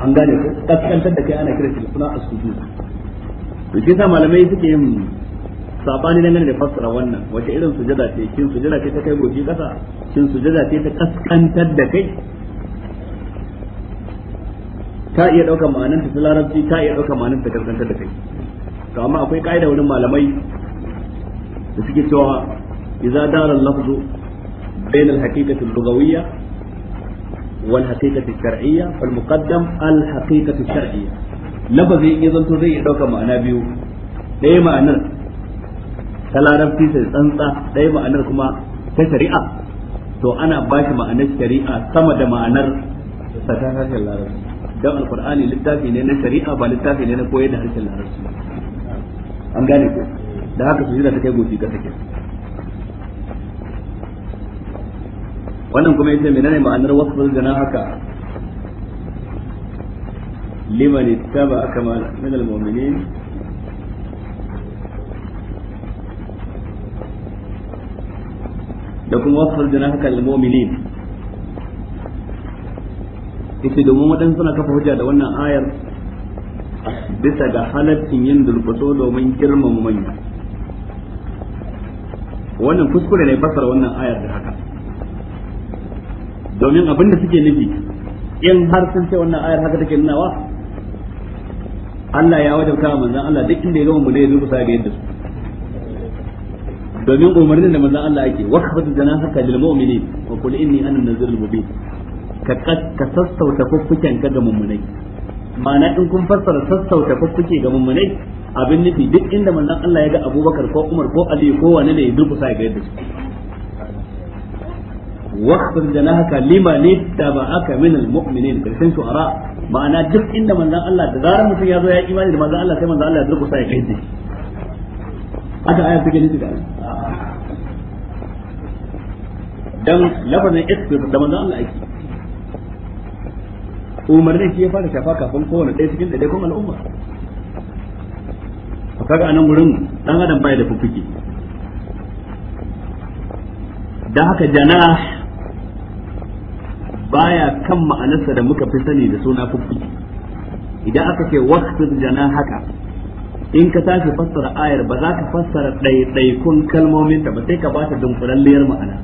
an gane ko kaskantar da kai ana kira shi suna as-sujud to shi sa malamai suke yin sabani nan da fassara wannan wace irin sujada ce kin sujada ce ta kai goji kasa kin sujada ce ta kaskantar da kai ta iya ɗaukar ma'anar ta larabci ta iya ɗaukar ma'anar ta kaskantar da kai to amma akwai ka'ida wurin malamai da suke cewa idza dara al-lafzu bain al-haqiqati al-lughawiyya wal haqiqati al-shar'iyya fal muqaddam al-haqiqati al-shar'iyya lafazi in zanto zai dauka ma'ana biyu ɗaya ma'anar ta larabci sai tsantsa ɗaya ma'anar kuma ta shari'a to ana ba shi ma'anar shari'a sama da ma'anar ta harshen larabci dan alqur'ani littafi ne na shari'a ba littafi ne na koyar da harshen larabci an gane ko da haka sujada ta kai goshi ka take wannan kuma yace menene ma'anar gana haka liman ittaba kama min almu'minin da kuma gana haka almu'minin domin suna kafa hujja da wannan ayar bisa ga halattin yin durkuso domin girmama manya wannan kuskure ne fasara wannan ayar da haka domin abin da suke nufi in har sun ce wannan ayar haka take nunawa Allah ya wajabta wa manzan Allah duk inda ya gama mulai zuku sa ga yadda su domin umarnin da manzan Allah yake waqfat janahaka lil mu'minin wa qul inni ana an-nazirul mubin ka ka sassauta fuffuken ka ga mummunai ma'ana in kun fassara sassauta kuke ga mummunai abin nufi duk inda manzon Allah ya ga Abubakar ko Umar ko Ali ko wani ne ya durkusa ya ga yadda su waqfir janaka liman ittaba'aka min almu'minin karshen shu'ara ma'ana duk inda manzon Allah da zarar mutum ya zo ya imani da manzon Allah sai manzon Allah ya durkusa ya ga yadda aka aya take nufi da dan lafazin isbir da manzon Allah yake umarnin shi ya fara shafa kafin kowane ɗaya cikin ɗaya kuma al'umma a kaga anan gurin dan adam baya da fufuki dan haka jana baya kan ma'anarsa da muka fi sani da suna fufuki idan aka ce waqtu jana haka in ka tashi fassara ayar ba za ka fassara ɗaiɗaikun kalmomin ta ba sai ka bata dunkulalliyar ma'ana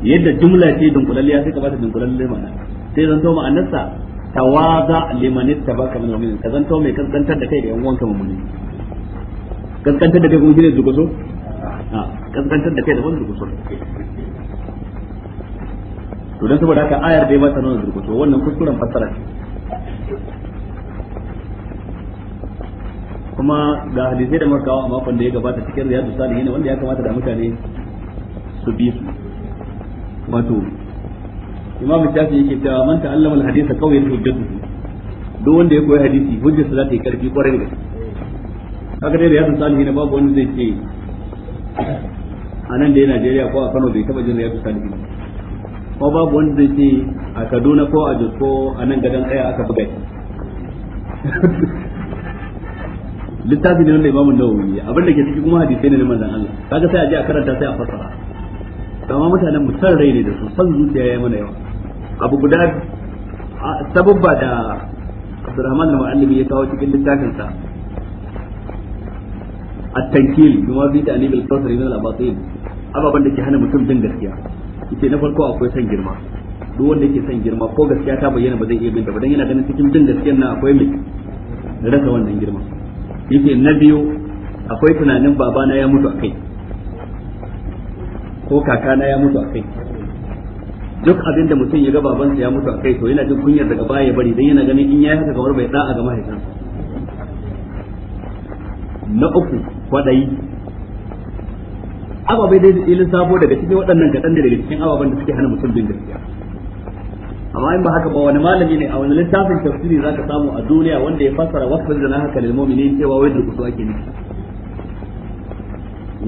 yadda jumla ce dunkulalliya sai ka bata dunkulalliyar ma'ana sai zan to ma'anarsa tawaza liman ittabaka min mu'minin ka zanto mai kaskantar da kai da yan uwanka mu'mini kaskantar da kai kuma shine dukuso a ah, kaskantar da kai da wani dukuso to dan saboda haka ayar dai ba ta nuna wannan kuskuren fassara ce kuma ga hadisi da muka kawo a makon da ya gabata cikin riyadu salihin wanda ya kamata da mutane su bi su wato imamu shafi yake cewa man ta'allama alhadith kawai kawai hujjatu duk wanda ya koyi hadisi hujjarsa za ta yi karfi kwarai da haka dai riyadun salihin na babu wanda zai ce a nan da Najeriya ko a Kano bai taba jin riyadun salihin ko babu wanda zai ce a Kaduna ko a Jos ko a nan gadan aya aka buga shi littafi ne wanda imamu nawawi ya abin da ke ciki kuma hadisi ne na manzon Allah kaga sai a je a karanta sai a fassara amma mutanen mu rai ne da su san zuciya yayi mana yawa abu guda sababba da Abdurrahman da muallimi ya kawo cikin littafin sa at-tankil bima bi da anil kawsari min al-abatil ababan da ke hana mutum bin gaskiya yace na farko akwai san girma duk wanda yake san girma ko gaskiya ta bayyana ba zai iya binta ba dan yana ganin cikin bin gaskiyar nan akwai mai rasa wannan girma yace na biyu akwai tunanin babana ya mutu akai ko kakana ya mutu akai duk abin da mutum ya ga babansa ya mutu a kai to yana jin kunyar daga baya ya bari dan yana ganin in yayi haka kamar bai da'a ga mahaifinsa na uku kwadayi ababai dai da ilin sabo daga cikin waɗannan kaɗan da daga cikin ababan da suke hana mutum bin gaskiya amma in ba haka ba wani malami ne a wani littafin tafsiri za ka samu a duniya wanda ya fassara wasu da na haka lil mu'minin cewa wai da kusa ake nufi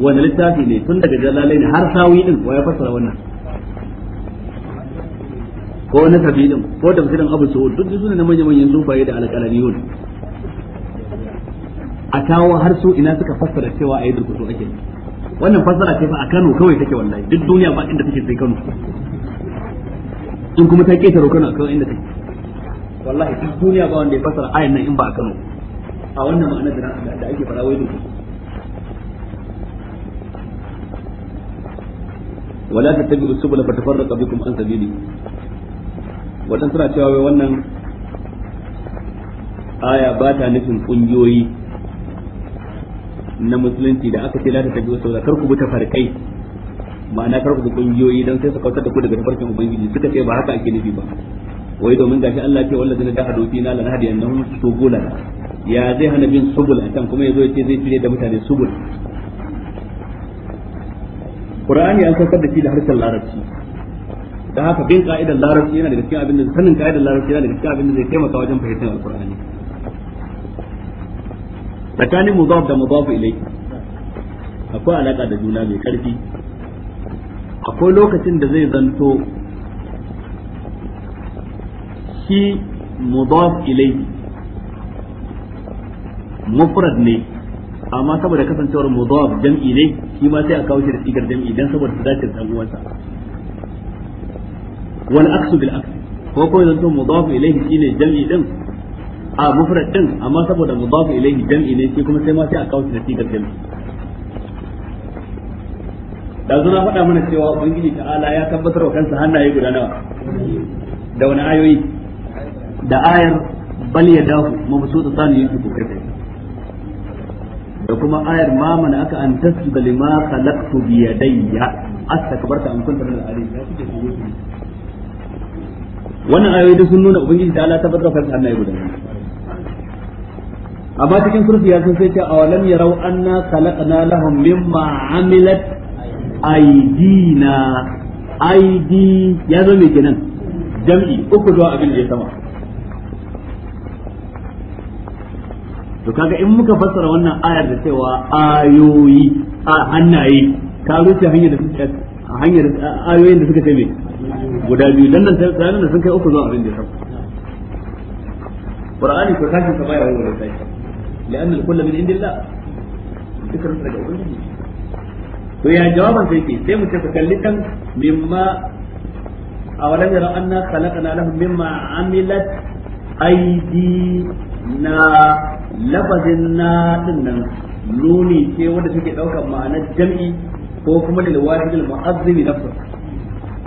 wani littafi ne tun daga jalalai ne har sawi din wa ya fassara wannan ko na sabilin ko tafsirin abu su duk suna na manyan manyan sufaye da alƙalamiyun a kawo har su ina suka fassara cewa a yi durkusu ake wannan fassara ce fa a Kano kawai take wallahi duk duniya ba inda take sai Kano in kuma ta ketaro Kano a kawai inda take wallahi duk duniya ba wanda ya fassara ayan nan in ba a Kano a wannan ma'anar da ake fara wai durkusu ولا تتبعوا السبل فتفرق بكم عن سبيله wadan suna cewa wai wannan aya ba ta nufin kungiyoyi na musulunci da aka ce la ta tabi wasu kar ku bi tafarkai ma'ana kar ku bi kungiyoyi don sai su kautar da ku daga tafarkin ubangiji suka ce ba haka ake nufi ba wai domin gashi Allah ce wallahi da hadu na lan hadi annahum subula ya zai hana bin subul a can kuma yazo ce zai tire da mutane subul Qur'ani an saukar da shi da harshen Larabci da haka bin ka'idar larabci yana daga cikin abin da sanin ka'idar larabci yana daga cikin abin da zai taimaka wajen fahimtar alqur'ani tsakanin mudaf da mudaf ilai akwai alaka da juna mai karfi akwai lokacin da zai zanto shi mudaf ilai mufrad ne amma saboda kasancewar mudaf jam'i ne shi ma sai a kawo shi da sigar jam'i dan saboda su dace da uwansa wal aksu bil aksu ko ko yanzu mudaf ilayhi shine jam'i din a mufrad din amma saboda mudaf ilayhi jam'i ne shi kuma sai ma sai a kawo shi da jam'i da zuna faɗa mana cewa ubangiji ta'ala ya tabbatar wa kansa hannaye guda nawa da wani ayoyi da ayar bal yadahu mabsuta sani yunfiqu kaifa da kuma ayar ma mana aka an tasjuda lima khalaqtu bi yadayya astakbarta an kunta min al-alim ya kuke wannan ayoyi sun nuna ubangiji ta Allah tabarra fa Allah ya gudanar amma cikin surfi ya sun sai ce awalam yarau anna khalaqna lahum mimma amilat aydina aidi ya zo mai kenan jam'i uku zuwa abin da ya sama to kaga in muka fassara wannan ayar da cewa ayoyi a hannaye ka rufe hanyar da suka hanyar ayoyin da suka ce mai guda biyu dan nan tsarin da sun kai uku zuwa abin da ya Qur'ani ko tashin sa baya wannan sai li'anna al-kull min indillah fikr daga ubangiji to ya jawaban sai ke sai mu ce kalli kan mimma awalam yara anna khalaqna lahum mimma amilat aydina lafazin na din nan nuni ce wanda take daukar ma'anar jam'i ko kuma lil wajibul mu'azzimi nafsuhu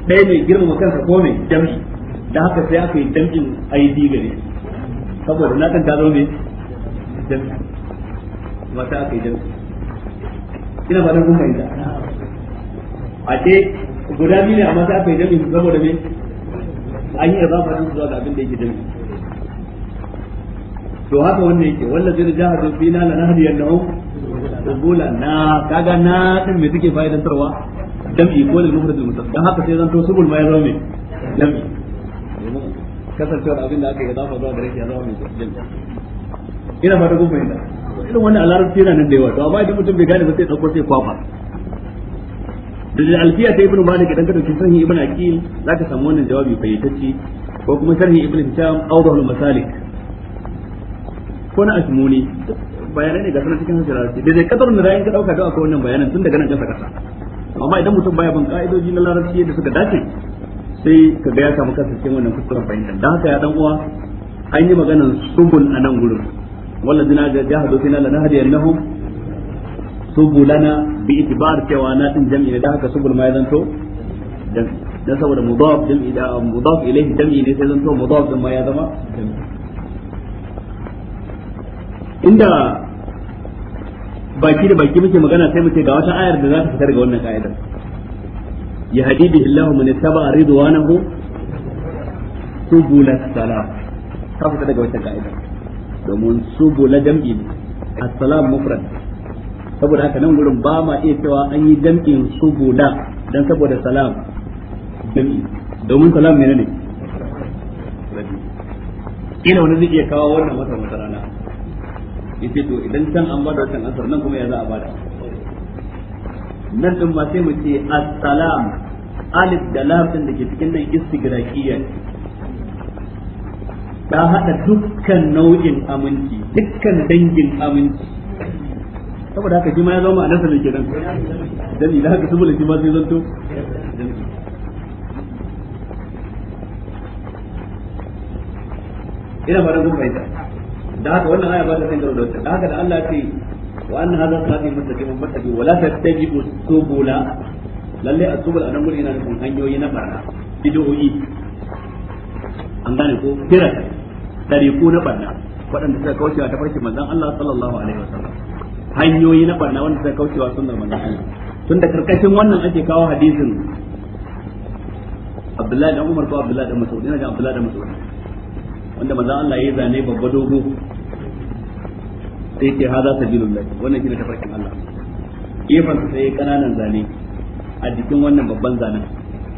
ɗaya mai girma kansa ko mai jam'i da haka sai aka yi jam'in ID gare saboda na kan ta zo ne jam'i mata aka yi jam'i ina ba da kun fahimta a ce guda biyu ne amma sai aka yi jam'i saboda me an yi raba fadin zuwa ga abin da yake jam'i to haka wannan yake wanda zai da na jahadu fina lanahdiyannahu na kaga na ɗin me suke fa'idantarwa jam'i ko lil mufrad al mutasarrif dan haka sai zanto subul ma ya zama jam'i kasancewar abin da aka yi zafa zuwa gare shi ya zama mai jam'i ina fata kun fahimta irin wannan a larabci nan da yawa to amma idan mutum bai gane ba sai dauko sai kwafa da alfiya ta ibnu malik idan ka dauki sahihi ibnu aqil zaka samu wannan jawabi fayyatacce ko kuma sharhi ibnu hisham awdahul masalik ko na asmuni bayanai ne ga sanar cikin hajjar da zai kadar da rayin ka dauka da akwai wannan bayanan tun daga nan kasa kasa amma idan mutum baya bin ka'idoji na larabci yadda suka dace sai ka ga ya samu kansa cikin wannan kuskuren fahimta dan haka ya dan uwa an yi maganar subul a nan gurin wallazi na ga jahadu fina la nahdiyannahum subulana bi itibar cewa na din jami'i ne dan haka subul ma ya zanto dan saboda mudaf jam'i da um, mudaf ilayhi jami'i ne sai zanto mudaf din ma ya zama inda baki da baki muke magana sai muke ga wata ayar da za ta fitar ga wannan ka'idar ya hadi bi Allah man taba ridwanahu subul salam ta fitar daga wata ka'idar domin subul jam'i as-salam mufrad saboda haka nan gurin ba ma iya cewa an yi jam'in subula dan saboda salam jam'i domin salam menene ina wani zai iya kawo wannan wata wata rana yace to idan can an bada can asar nan kuma ya za a bada nan din ma sai mu ce assalam alif da lam din dake cikin nan istigraqiyya ta hada dukkan nau'in aminci dukkan dangin aminci saboda haka shi ma ya zama a nasarar kenan dan idan haka su shi ma sai zanto ina ba da gumbaita da haka wannan aya ba ta san garo da haka da Allah ce wa anna hadha sirati mustaqimun fattabi wa la tattabi'u subula lalle asubul anan gurin yana nufin hanyoyi na barna bid'o'i an gane ko dari tariku na barna waɗanda suka kaucewa ta farkin manzon Allah sallallahu alaihi wasallam hanyoyi na barna wanda suka kaucewa sunnar manzon Allah tun da karkashin wannan ake kawo hadisin Abdullahi da Umar ko Abdullahi da Mas'ud ina da Abdullahi da Mas'ud wanda manzon Allah ya zane babba dogo sai ce haza lai wannan shi shine tafarkin Allah gefen sai kananan zane a jikin wannan babban zanen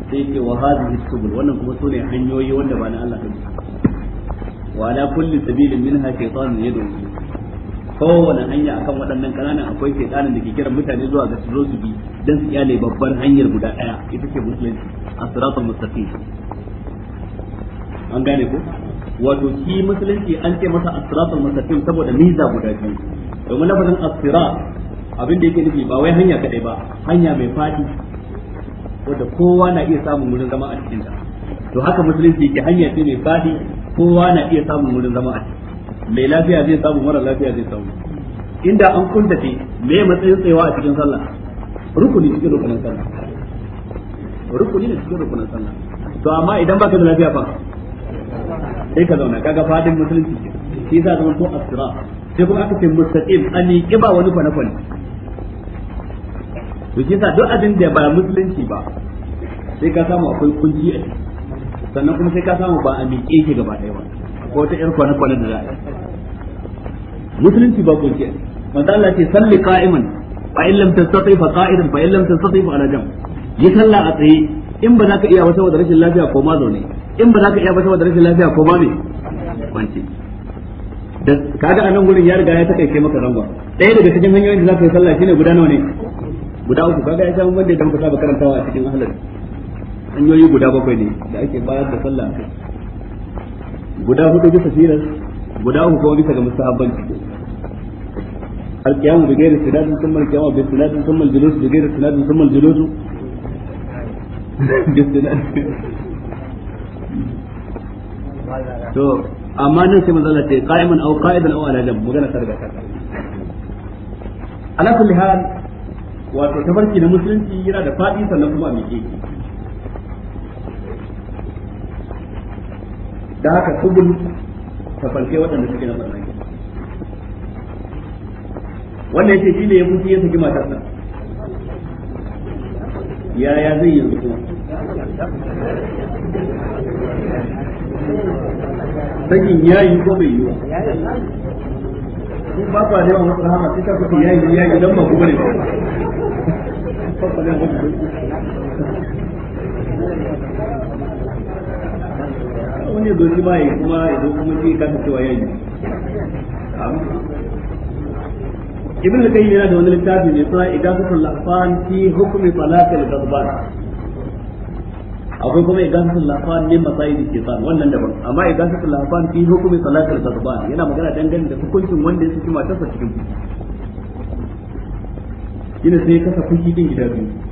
sai ce wa hadhihi subul wannan kuma ne hanyoyi wanda ba na Allah bane wa ala kulli sabilin minha shaytanun yad'u kowane hanya akan waɗannan kananan akwai shaytanin da ke kiran mutane zuwa ga su zo su bi dan su kyale babban hanyar guda daya ita ce musulunci as-siratal mustaqim an gane ko wato shi musulunci an ce masa asiratul mustaqim saboda miza guda biyu domin lafazin asira abin da yake nufi ba wai hanya kadai ba hanya mai fadi wanda kowa na iya samun wurin zama a cikin ta to haka musulunci yake hanya ce mai fadi kowa na iya samun wurin zama a cikin mai lafiya zai samu mara lafiya zai samu inda an ce me matsayin tsayawa a cikin sallah rukuni cikin rukunin sallah rukuni ne cikin rukunin sallah to amma idan baka da lafiya fa sai ka zauna kaga fadin musulunci ke shi yasa zama to asira sai kuma aka ce mustaqim an yi kiba wani kwana kwana to shi sa duk abin da ba musulunci ba sai ka samu akwai kunji a ciki sannan kuma sai ka samu ba a miƙe shi gaba ɗaya ba ko ta ƴar kwana kwana da za a musulunci ba kunji a manzo Allah ce salli qa'iman fa in lam tastati fa qa'idan fa in lam tastati fa ala jam yi sallah a tsaye in ba za ka iya ba saboda rashin lafiya ko ma zaune in ba za ka iya ba saboda rashin lafiya ko ma me kwanci da kaga anan gurin ya riga ya takaice maka rangwa ɗaya daga cikin hanyoyin da za ka yi sallah shine guda nawa ne guda uku kaga ya samu wanda ya muka saba karantawa a cikin ahlul hanyoyi guda bakwai ne da ake bayar da sallah guda hudu bisa sirar guda uku kuma bisa ga alkiyamu da بغير sun ثم القيام باستناد ثم الجلوس بغير sun mal الجلوس to amma nan sai manzo ce qa'iman aw qa'idan aw ala jam magana ta daga ta ala kulli hal wato tabarki na musulunci yana da fadi sannan kuma a miƙe da haka ta tafarke waɗanda suke na barna wannan yace shi ne ya mutu ya saki matarsa yaya zai yi kuma sakin yayi ko bai yi ba ba ba da yawan wasu rahama sai ka kuka yayi ya yi don kuma ne wani dozi ba ya kuma ya zo kuma ji ka cewa yayi ibn al-qayyim yana da wani littafi mai suna idafatul lahfan fi hukmi talaqil ghadban akwai kuma igasatul lafan min masayid kitab wannan daban amma lafan fi ghadban yana magana dangane da hukuncin wanda ya saki matarsa cikin fushi yana sai kasa kuki din gida biyu